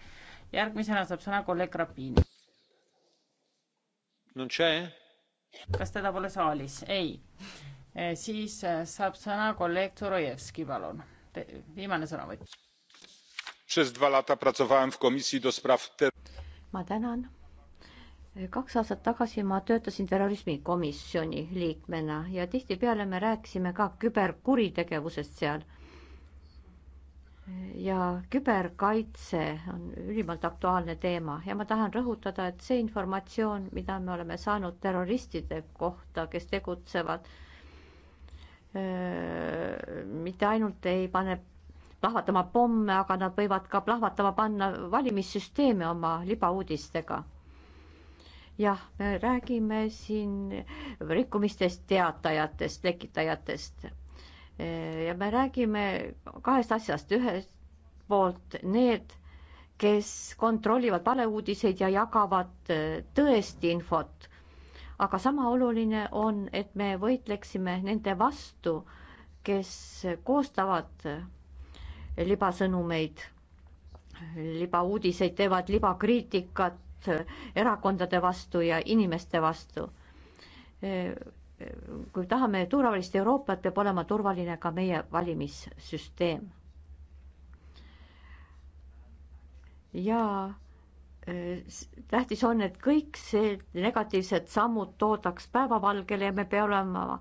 järgmisena saab sõna kolleeg Rapin. kas teda pole saalis? ei. Eh, siis eh, saab sõna kolleeg Turujevski, palun. viimane sõnavõtt przez dwa lata pracowałem w komisji do spraw ma tänan kaks aastat tagasi ma töötasin terrorismikomisjoni liikmena ja tihtipeale me rääkisime ka küberkuritegevusest seal. ja küberkaitse on ülimalt aktuaalne teema ja ma tahan rõhutada, et see informatsioon, mida me oleme saanud terroristide kohta, kes tegutsevad, mitte ainult ei pane plahvatama pomme, aga nad võivad ka plahvatama panna valimissüsteeme oma libauudistega. jah, me räägime siin rikkumistest, teatajatest, tekitajatest. ja me räägime kahest asjast, ühest poolt need, kes kontrollivad valeuudiseid ja jagavad eh, tõest infot. aga sama oluline on, et me võitleksime nende vastu, kes koostavad eh, libasõnumeid, libauudiseid, teevad libakriitikat erakondade vastu ja inimeste vastu. kui tahame turvalist Euroopat, peab olema turvaline ka meie valimissüsteem. ja eh, tähtis on, et kõik see negatiivsed sammud toodaks päevavalgele ja me peame olema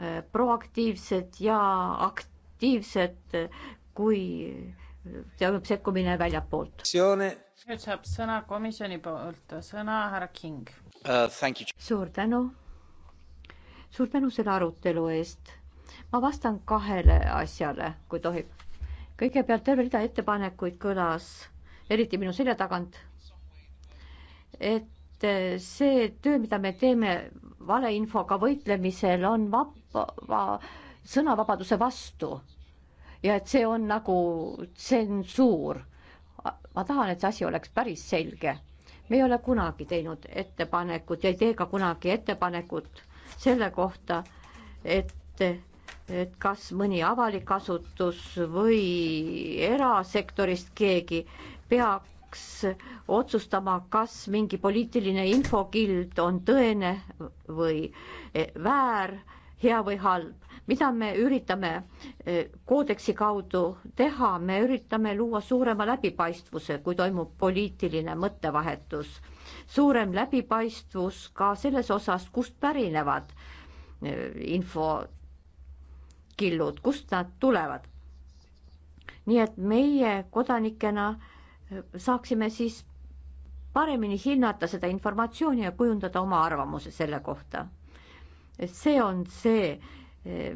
eh, proaktiivsed ja aktiivsed, kui toimub sekkumine väljapoolt. nüüd saab sõna komisjoni poolt, sõna härra King uh,. suur tänu. suur tänu selle arutelu eest. ma vastan kahele asjale, kui tohib. kõigepealt terve rida ettepanekuid kõlas, eriti minu selja tagant. et see töö, mida me teeme valeinfoga võitlemisel, on vaba, sõnavabaduse vastu ja et see on nagu tsensuur. ma tahan, et see asi oleks päris selge. me ei ole kunagi teinud ettepanekut ja ei tee ka kunagi ettepanekut selle kohta, et, et kas mõni avalik asutus või erasektorist keegi peaks otsustama, kas mingi poliitiline infokild on tõene või väär, hea või halb mida me üritame eh, koodeksi kaudu teha, me üritame luua suurema läbipaistvuse, kui toimub poliitiline mõttevahetus, suurem läbipaistvus ka selles osas, kust pärinevad eh, infokillud, kust nad tulevad. nii et meie kodanikena eh, saaksime siis paremini hinnata seda informatsiooni ja kujundada oma arvamuse selle kohta. see on see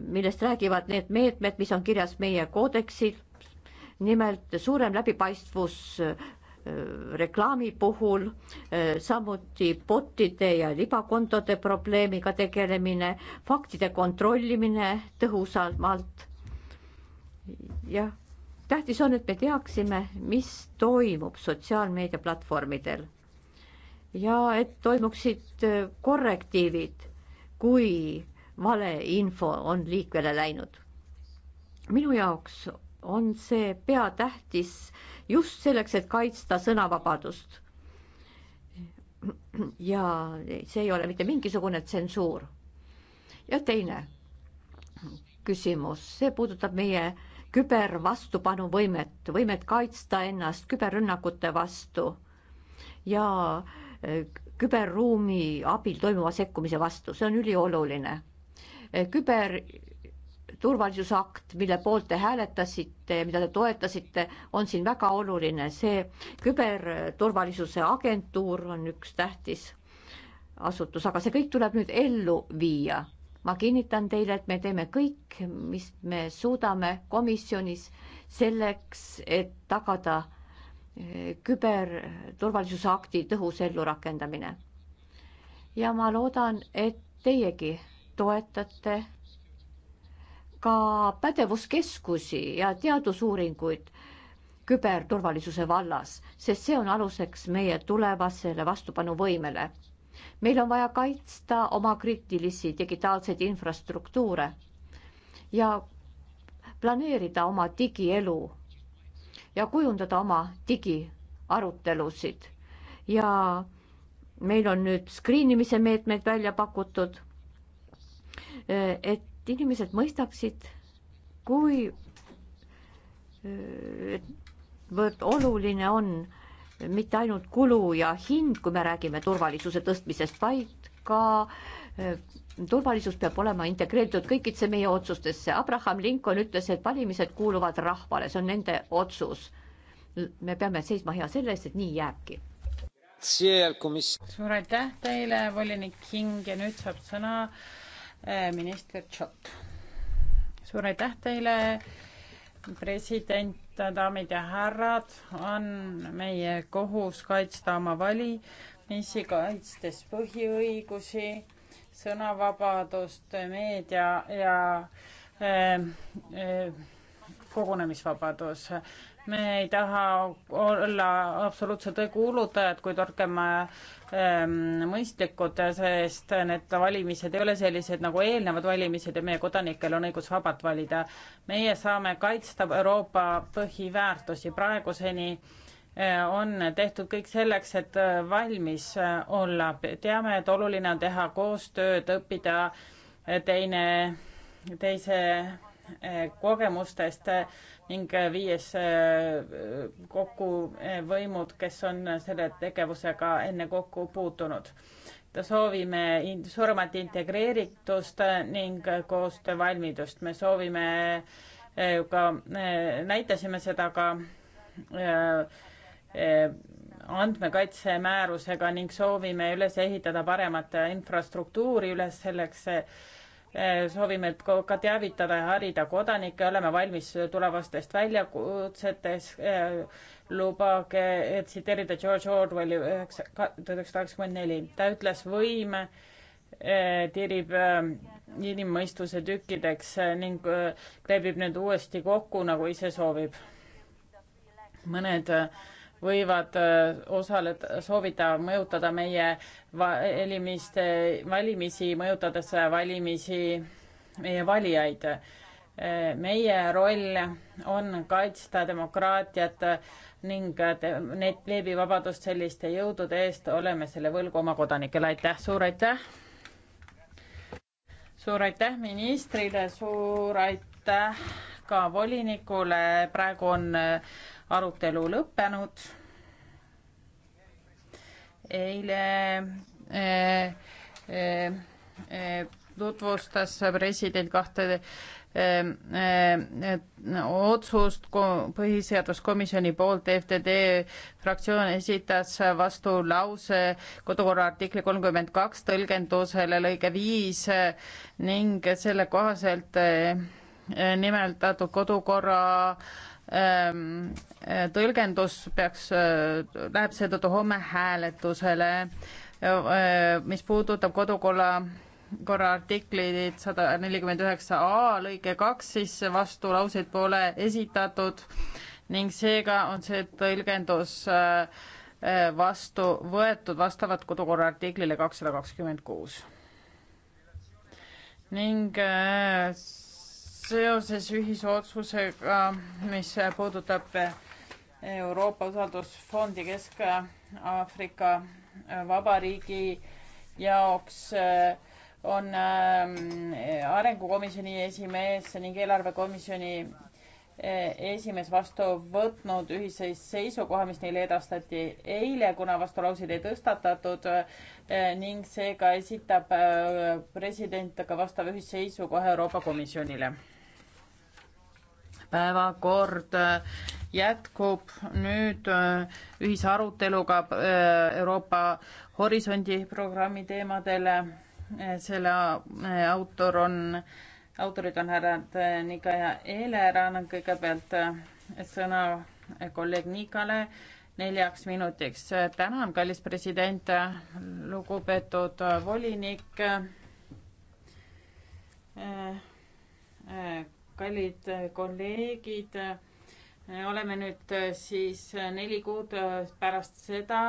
millest räägivad need meetmed, mis on kirjas meie koodeksil. nimelt suurem läbipaistvus äh, reklaami puhul, äh, samuti bot'ide ja libakontode probleemiga tegelemine, faktide kontrollimine tõhusamalt. jah, tähtis on, et me teaksime, mis toimub sotsiaalmeedia platvormidel ja et toimuksid äh, korrektiivid, kui valeinfo on liikvele läinud. minu jaoks on see peatähtis just selleks, et kaitsta sõnavabadust. ja see ei ole mitte mingisugune tsensuur. ja teine küsimus, see puudutab meie kübervastupanuvõimet, võimet kaitsta ennast küberrünnakute vastu ja küberruumi abil toimuva sekkumise vastu, see on ülioluline Eh, küberturvalisusakt, mille poolt te hääletasite ja mida te toetasite, on siin väga oluline. see küberturvalisuse agentuur on üks tähtis asutus, aga see kõik tuleb nüüd ellu viia. ma kinnitan teile, et me teeme kõik, mis me suudame komisjonis selleks, et tagada eh, küberturvalisuse akti tõhus ellurakendamine. ja ma loodan, et teiegi toetate ka pädevuskeskusi ja teadusuuringuid küberturvalisuse vallas, sest see on aluseks meie tulevasele vastupanuvõimele. meil on vaja kaitsta oma kriitilisi digitaalseid infrastruktuure ja planeerida oma digielu ja kujundada oma digiarutelusid ja meil on nüüd skriinimise meetmed välja pakutud Äh, et inimesed mõistaksid, kui äh, võrd oluline on mitte ainult kulu ja hind, kui me räägime turvalisuse tõstmisest, vaid ka äh, turvalisus peab olema integreeritud kõikidesse meie otsustesse. Abraham Lincoln ütles, et valimised kuuluvad rahvale, see on nende otsus. me peame seisma hea selle eest, et nii jääbki. suur aitäh teile, volinik King ja nüüd saab sõna Äh, minister Tšot. suur aitäh teile, president, daamid ja härrad, on meie kohus kaitsta oma valimisi, kaitstes põhiõigusi, sõnavabadust, meedia ja äh, äh, kogunemisvabadus. me ei taha olla absoluutselt õiguulutajad, kuid olgem äh, Ehm, mõistlikud, sest need valimised ei ole sellised nagu eelnevad valimised ja meie kodanikel on õigus vabalt valida. meie saame kaitsta Euroopa põhiväärtusi, praeguseni eh, on tehtud kõik selleks, et eh, valmis eh, olla. teame, et oluline on teha koostööd, õppida teine, teise kogemustest ning viies eh, kokku eh, võimud, kes on selle tegevusega enne kokku puutunud. soovime suuremat integreeritust eh, ning koostöövalmidust, me soovime ka, näitasime seda ka andmekaitse määrusega ning soovime üles ehitada paremat infrastruktuuri üles selleks, Eh, soovime ka teavitada ja harida kodanikke, oleme valmis tulevastest väljakutsetes. Eh, lubage tsiteerida George Orwelli üheksa, tuhat üheksasada kaheksakümmend neli, ta ütles, võim eh, tirib inimmõistuse tükkideks ning kleebib need uuesti kokku, nagu ise soovib. mõned äh, võivad äh, osaleda, soovida mõjutada meie valimiste, valimisi, mõjutades valimisi, meie valijaid. Äh, meie roll on kaitsta demokraatiat ning neid veebivabadust selliste jõudude eest, oleme selle võlgu oma kodanikele, aitäh, suur aitäh! suur aitäh ministrile, suur aitäh ka volinikule, praegu on äh, arutelu lõppenud. eile eh, eh, eh, tutvustas president kahte eh, eh, otsust põhiseaduskomisjoni poolt FTD fraktsioon esitas vastu lause kodukorra artikli kolmkümmend kaks tõlgendusele lõige viis ning selle kohaselt eh, nimetatud kodukorra äh, Ehm, eh, tõlgendus peaks, eh, läheb seetõttu homme hääletusele, eh, mis puudutab kodukorra korra artikli sada nelikümmend üheksa A lõige kaks, siis vastulauseid pole esitatud ning seega on see tõlgendus vastu võetud vastavalt kodukorra artiklile kakssada kakskümmend kuus. ning seoses ühisotsusega, mis puudutab Euroopa usaldusfondi Kesk-Aafrika Vabariigi jaoks on ähm, arengukomisjoni esimees ning eelarvekomisjoni äh, esimees vastu võtnud ühise seisukoha, mis neile edastati eile, kuna vastulauseid ei tõstatatud äh, ning seega esitab äh, president ka vastava ühisseisukoha Euroopa Komisjonile päevakord äh, jätkub nüüd äh, ühisaruteluga äh, Euroopa Horisondi programmi teemadele. selle autor on, autorid on härrad Nika ja Eeler, annan kõigepealt sõna kolleeg Nikale neljaks minutiks. tänan, kallis president, lugupeetud volinik kallid kolleegid, oleme nüüd äh, siis äh, neli kuud äh, pärast seda,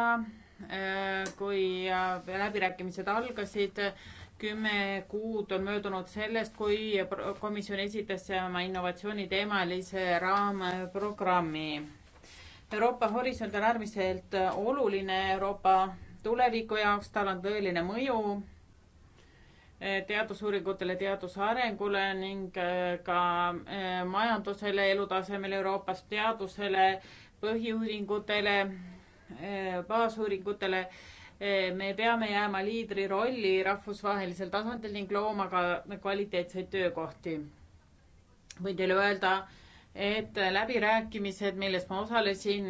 kui läbirääkimised algasid, kümme kuud on möödunud sellest, kui komisjon esitas oma innovatsiooniteemalise raamprogrammi. Euroopa Horisont on äärmiselt oluline Euroopa tuleviku jaoks, tal on tõeline mõju teadusuuringutele, teaduse arengule ning äh, ka äh, majandusele, elutasemele Euroopas, teadusele, põhiuuringutele, äh, baasuuringutele. me peame jääma liidri rolli rahvusvahelisel tasandil ning looma ka kvaliteetseid töökohti. võin teile öelda, et läbirääkimised, milles ma osalesin,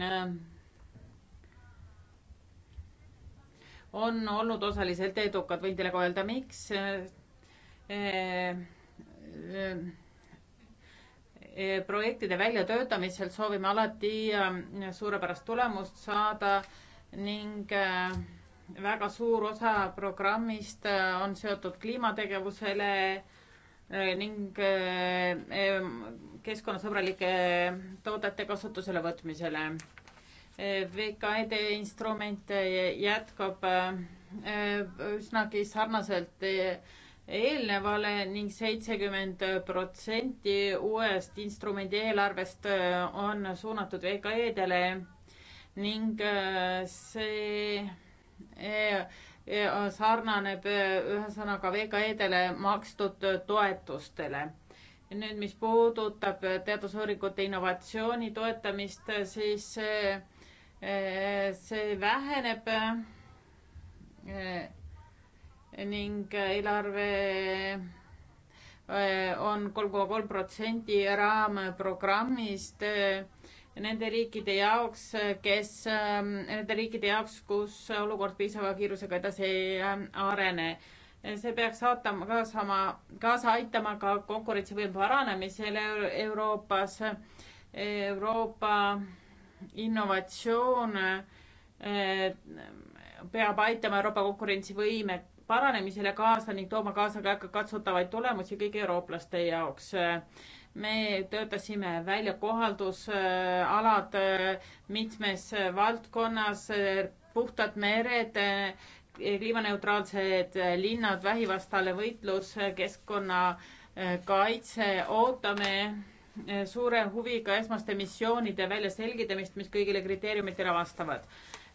on olnud osaliselt edukad, võin teile ka öelda, miks. Eh, eh, eh, projektide väljatöötamisel soovime alati suurepärast tulemust saada ning väga suur osa programmist on seotud kliimategevusele ning keskkonnasõbralike toodete kasutusele võtmisele VKD e instrument jätkab äh, üsnagi sarnaselt äh, eelnevale ning seitsekümmend protsenti uuest instrumendi eelarvest äh, on suunatud VKE-dele ning see sarnaneb ühesõnaga VKE-dele makstud toetustele. nüüd, mis puudutab teadusuuringute innovatsiooni toetamist, siis Eh, see väheneb eh, ning eelarve eh, on kolm koma kolm protsenti raamprogrammist nende riikide jaoks, kes, nende riikide jaoks, kus olukord piisava kiirusega edasi ei arene. see peaks saatama, kaasama, kaasa aitama ka konkurentsivõime paranemisele Euroopas. Euroopa, Euroopa innovatsioon eh, peab aitama Euroopa konkurentsivõime paranemisele kaasa ning tooma kaasa ka katsutavaid tulemusi kõigi eurooplaste jaoks. me töötasime välja kohaldusalad eh, mitmes valdkonnas, eh, puhtad mered, kliimaneutraalsed linnad, vähivastane võitlus, keskkonnakaitse, ootame suure huviga esmaste missioonide väljaselgitamist, mis kõigile kriteeriumitele vastavad.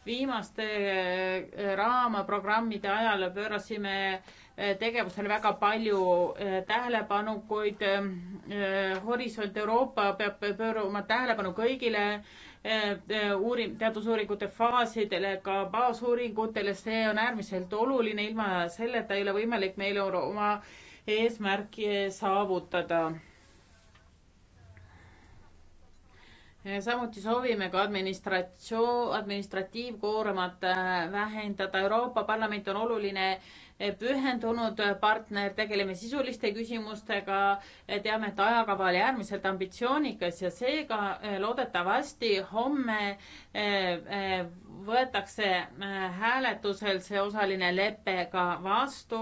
viimaste äh, raamprogrammide ajal pöörasime äh, tegevusele väga palju äh, tähelepanu, kuid Horisont Euroopa peab pöörama tähelepanu kõigile uurim-, teadusuuringute faasidele, ka baasuuringutele, see on äärmiselt oluline, ilma selleta ei ole võimalik meil oma eesmärki saavutada samuti soovime ka administratsioon, administratiivkoormat äh, vähendada. Euroopa Parlament on oluline äh, pühendunud partner, tegeleme sisuliste küsimustega. Äh, teame, et ajakava oli äärmiselt ambitsioonikas ja seega loodetavasti homme võetakse hääletusel see osaline lepe ka vastu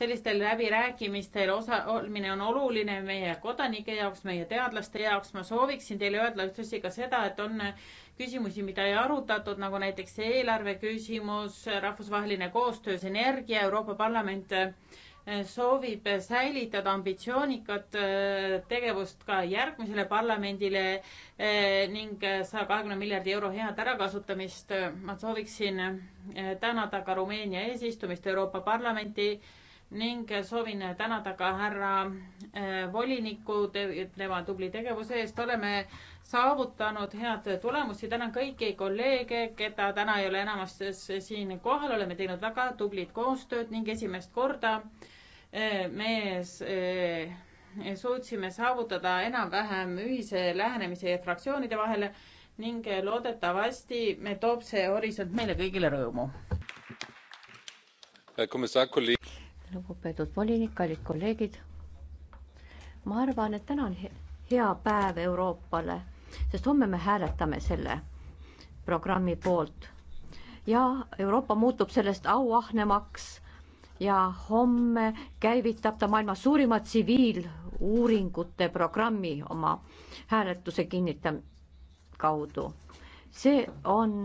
sellistel läbirääkimistel osalemine on oluline meie kodanike jaoks, meie teadlaste jaoks. ma sooviksin teile öelda ühtlasi ka seda, et on küsimusi, mida ei arutatud, nagu näiteks eelarve küsimus, rahvusvaheline koostöös energia, Euroopa Parlament eh, soovib säilitada ambitsioonikat eh, tegevust ka järgmisele parlamendile eh, ning saja kahekümne miljardi euro head ärakasutamist. ma sooviksin tänada ka Rumeenia eesistumist Euroopa Parlamenti ning soovin tänada ka härra äh, volinikku tema tubli tegevuse eest. oleme saavutanud head tulemusi. tänan kõiki kolleege, keda täna ei ole enamasti siin kohal. oleme teinud väga tublit koostööd ning esimest korda äh, me äh, suutsime saavutada enam-vähem ühise lähenemise fraktsioonide vahele ning loodetavasti me toob see horisont meile kõigile rõõmu lugupeetud volinik, kallid kolleegid. ma arvan, et täna on hea päev Euroopale, sest homme me hääletame selle programmi poolt ja Euroopa muutub sellest auahnemaks ja homme käivitab ta maailma suurima tsiviiluuringute programmi oma hääletuse kinnitam- kaudu. see on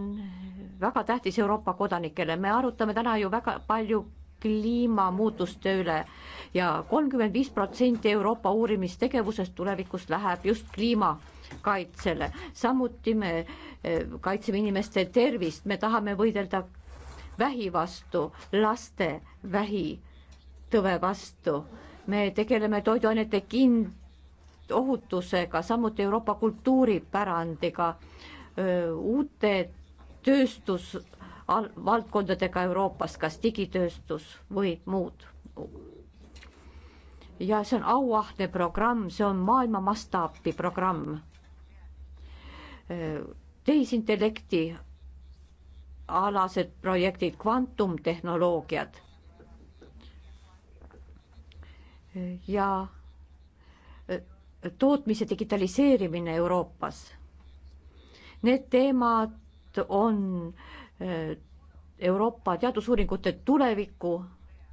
väga tähtis Euroopa kodanikele, me arutame täna ju väga palju kliimamuutuste üle ja kolmkümmend viis protsenti Euroopa uurimistegevusest tulevikus läheb just kliimakaitsele. samuti me eh, kaitseme inimeste tervist, me tahame võidelda vähi vastu, laste vähitõve vastu. me tegeleme toiduainete kind-, ohutusega, samuti Euroopa kultuuripärandiga, uute tööstus valdkondadega Euroopas, kas digitööstus või muud. ja see on auahne programm, see on maailma mastaapi programm. tehisintellekti alased projektid, kvantumtehnoloogiad. ja e, tootmise digitaliseerimine Euroopas. Need teemad on äh, Äh, Euroopa teadusuuringute tuleviku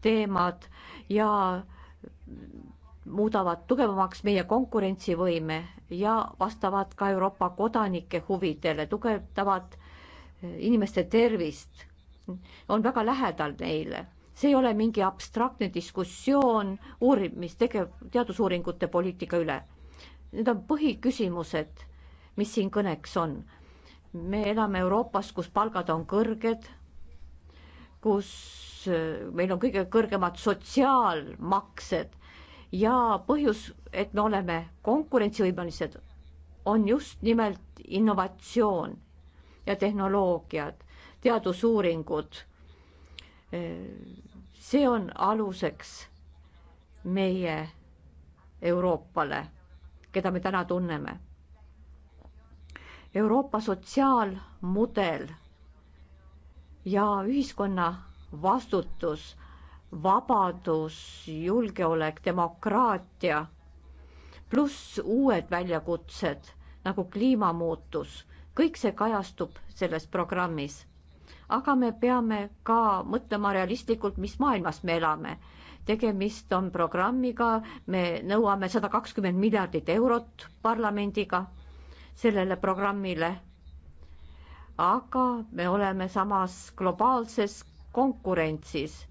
teemad ja muudavad tugevamaks meie konkurentsivõime ja vastavad ka Euroopa kodanike huvidele, tugevdavad äh, inimeste tervist, on väga lähedal neile. see ei ole mingi abstraktne diskussioon uurimistegev, teadusuuringute poliitika üle. Need on põhiküsimused, mis siin kõneks on me elame Euroopas, kus palgad on kõrged, kus äh, meil on kõige kõrgemad sotsiaalmaksed ja põhjus, et me oleme konkurentsivõimelised, on just nimelt innovatsioon ja tehnoloogiad, teadusuuringud. Äh, see on aluseks meie Euroopale, keda me täna tunneme Euroopa sotsiaalmudel ja ühiskonna vastutus, vabadus, julgeolek, demokraatia, pluss uued väljakutsed nagu kliimamuutus, kõik see kajastub selles programmis. aga me peame ka mõtlema realistlikult, mis maailmas me elame. tegemist on programmiga, me nõuame sada kakskümmend miljardit eurot parlamendiga sellele programmile. aga me oleme samas globaalses konkurentsis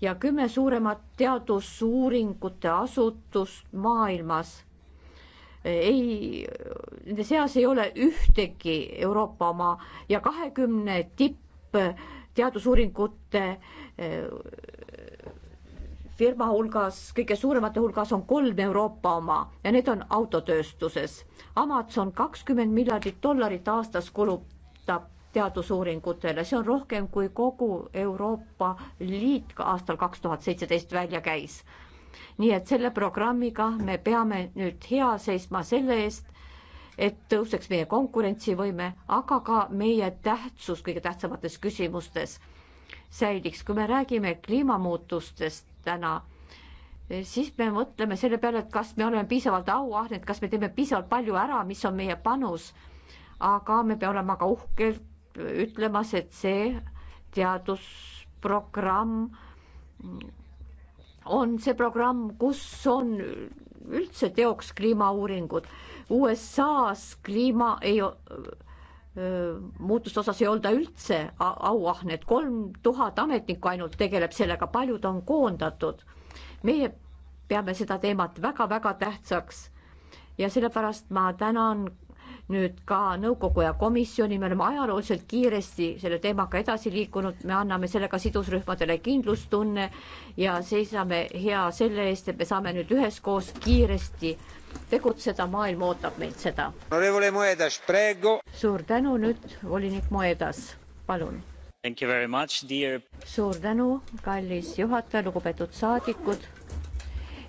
ja kümme suuremat teadusuuringute asutust maailmas ei, nende seas ei ole ühtegi Euroopa oma ja kahekümne tippteadusuuringute eh, firma hulgas, kõige suuremate hulgas on kolm Euroopa oma ja need on autotööstuses. Amazon kakskümmend miljardit dollarit aastas kulutab teadusuuringutele, see on rohkem kui kogu Euroopa Liit aastal kaks tuhat seitseteist välja käis. nii et selle programmiga me peame nüüd hea seisma selle eest, et tõuseks meie konkurentsivõime, aga ka meie tähtsus kõige tähtsamates küsimustes säiliks. kui me räägime kliimamuutustest, täna, siis me mõtleme selle peale, et kas me oleme piisavalt auahned, kas me teeme piisavalt palju ära, mis on meie panus. aga me peame olema ka uhkelt ütlemas, et see teadusprogramm on see programm, kus on üldse teoks kliimauuringud. USA-s kliima ei muutuste osas ei olda üldse auahned, kolm tuhat ametnikku ainult tegeleb sellega, paljud on koondatud. meie peame seda teemat väga-väga tähtsaks ja sellepärast ma tänan nüüd ka nõukogu ja komisjoni, me oleme ajalooliselt kiiresti selle teemaga edasi liikunud, me anname sellega sidusrühmadele kindlustunne ja seisame hea selle eest, et me saame nüüd üheskoos kiiresti tegutseda, maailm ootab meilt seda. suur tänu, nüüd volinik Moedas, palun. Much, suur tänu, kallis juhataja, lugupeetud saadikud.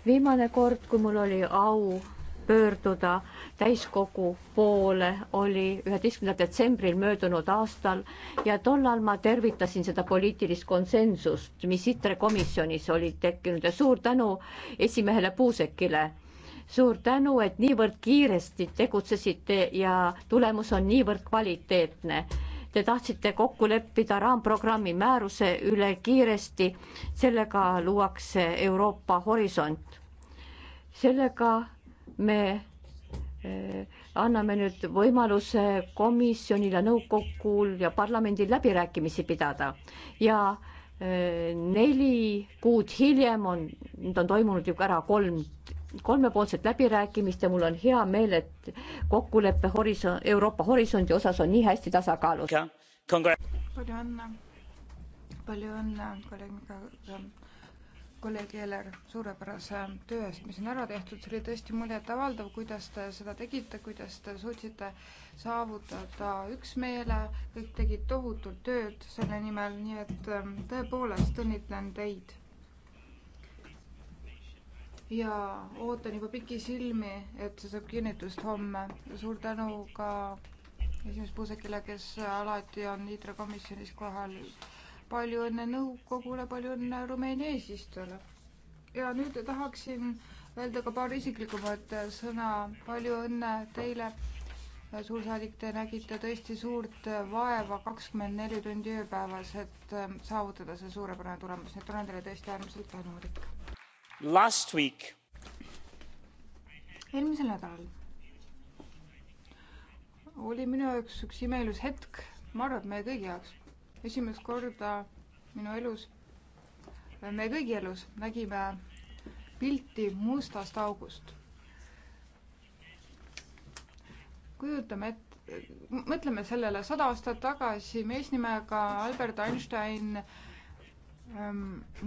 viimane kord, kui mul oli au pöörduda täiskogu poole, oli üheteistkümnendal detsembril möödunud aastal ja tollal ma tervitasin seda poliitilist konsensust, mis ITRE komisjonis oli tekkinud ja suur tänu esimehele Puusekile. suur tänu, et niivõrd kiiresti tegutsesite ja tulemus on niivõrd kvaliteetne. Te tahtsite kokku leppida raamprogrammi määruse üle kiiresti, sellega luuakse Euroopa horisont. sellega me eh, anname nüüd võimaluse komisjonil ja nõukogul ja parlamendil läbirääkimisi pidada ja eh, neli kuud hiljem on, nüüd on toimunud ju ära kolm, kolmepoolset läbirääkimist ja mul on hea meel, et kokkulepe horisont, Euroopa Horisondi osas on nii hästi tasakaalus. palju õnne, palju õnne kolleeg Mikael kolleeg Jeeler suurepärase töö eest, mis on ära tehtud, see oli tõesti muljetavaldav, kuidas te seda tegite, kuidas te suutsite saavutada üksmeele, kõik tegid tohutult tööd selle nimel, nii et ähm, tõepoolest õnnitlen teid. ja ootan juba pikisilmi, et see saab kinnitust homme. suur tänu ka esimees Puusekile, kes alati on ITRE komisjonis kohal palju õnne nõukogule, palju õnne Rumeenia eesistujale. ja nüüd tahaksin öelda ka paar isiklikumat sõna. palju õnne teile, suursaadik, te nägite tõesti suurt vaeva kakskümmend neli tundi ööpäevas, et ähm, saavutada see suurepärane tulemus, nii et olen teile tõesti äärmiselt tänulik. Last week. eelmisel nädalal oli minu jaoks üks imeilus hetk, ma arvan, et meie kõigi jaoks esimest korda minu elus, meie kõigi elus nägime pilti mustast august. kujutame ette, mõtleme sellele, sada aastat tagasi mees nimega Albert Einstein ähm,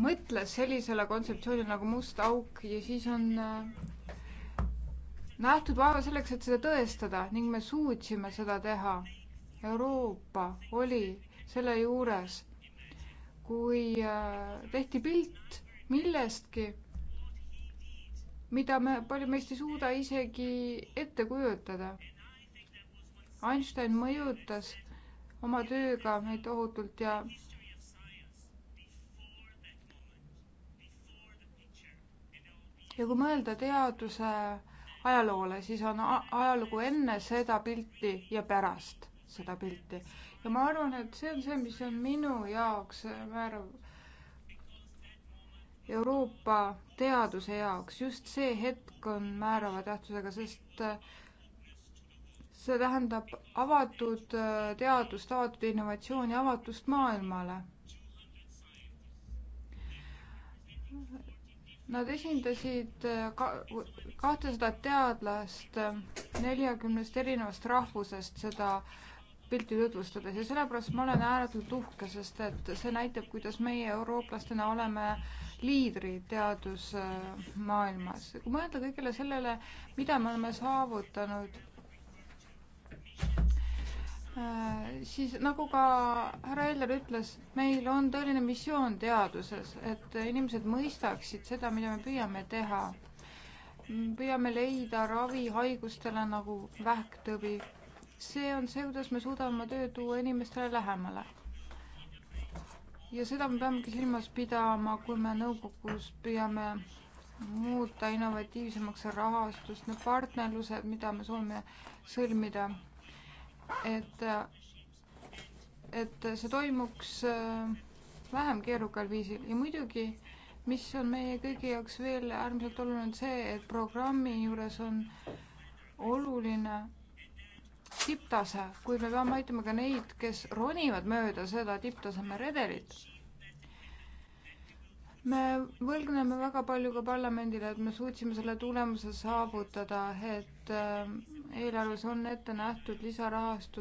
mõtles sellisele kontseptsioonile nagu must auk ja siis on äh, nähtud vaeva selleks, et seda tõestada ning me suutsime seda teha. Euroopa oli selle juures, kui äh, tehti pilt millestki, mida me, paljud meist ei suuda isegi ette kujutada. Einstein mõjutas oma tööga meid tohutult ja ja kui mõelda teaduse ajaloole, siis on ajalugu enne seda pilti ja pärast seda pilti. ja ma arvan, et see on see, mis on minu jaoks määrav Euroopa teaduse jaoks, just see hetk on määrava tähtsusega, sest äh, see tähendab avatud äh, teadust, avatud innovatsiooni, avatust maailmale Nad esindasid äh, kahtesadat teadlast neljakümnest erinevast rahvusest, seda pilti tutvustades ja sellepärast ma olen ääretult uhke, sest et see näitab, kuidas meie eurooplastena oleme liidrid teadusmaailmas. kui mõelda kõigele sellele, mida me oleme saavutanud, äh, siis nagu ka härra Eller ütles, meil on tõeline missioon teaduses, et inimesed mõistaksid seda, mida me püüame teha. püüame leida ravi haigustele nagu vähktõvi see on see, kuidas me suudame töö tuua inimestele lähemale. ja seda me peamegi silmas pidama, kui me nõukogus püüame muuta innovatiivsemaks rahastust, need partnerlused, mida me soovime sõlmida, et, et see toimuks äh, vähem keerukal viisil ja muidugi, mis on meie kõigi jaoks veel äärmiselt oluline, on see, et programmi juures on oluline tipptase, kuid me peame aitama ka neid, kes ronivad mööda seda tipptaseme redelit. me võlgneme väga palju ka parlamendile, et me suutsime selle tulemuse saavutada, et äh, eelarves on ette nähtud lisarahastus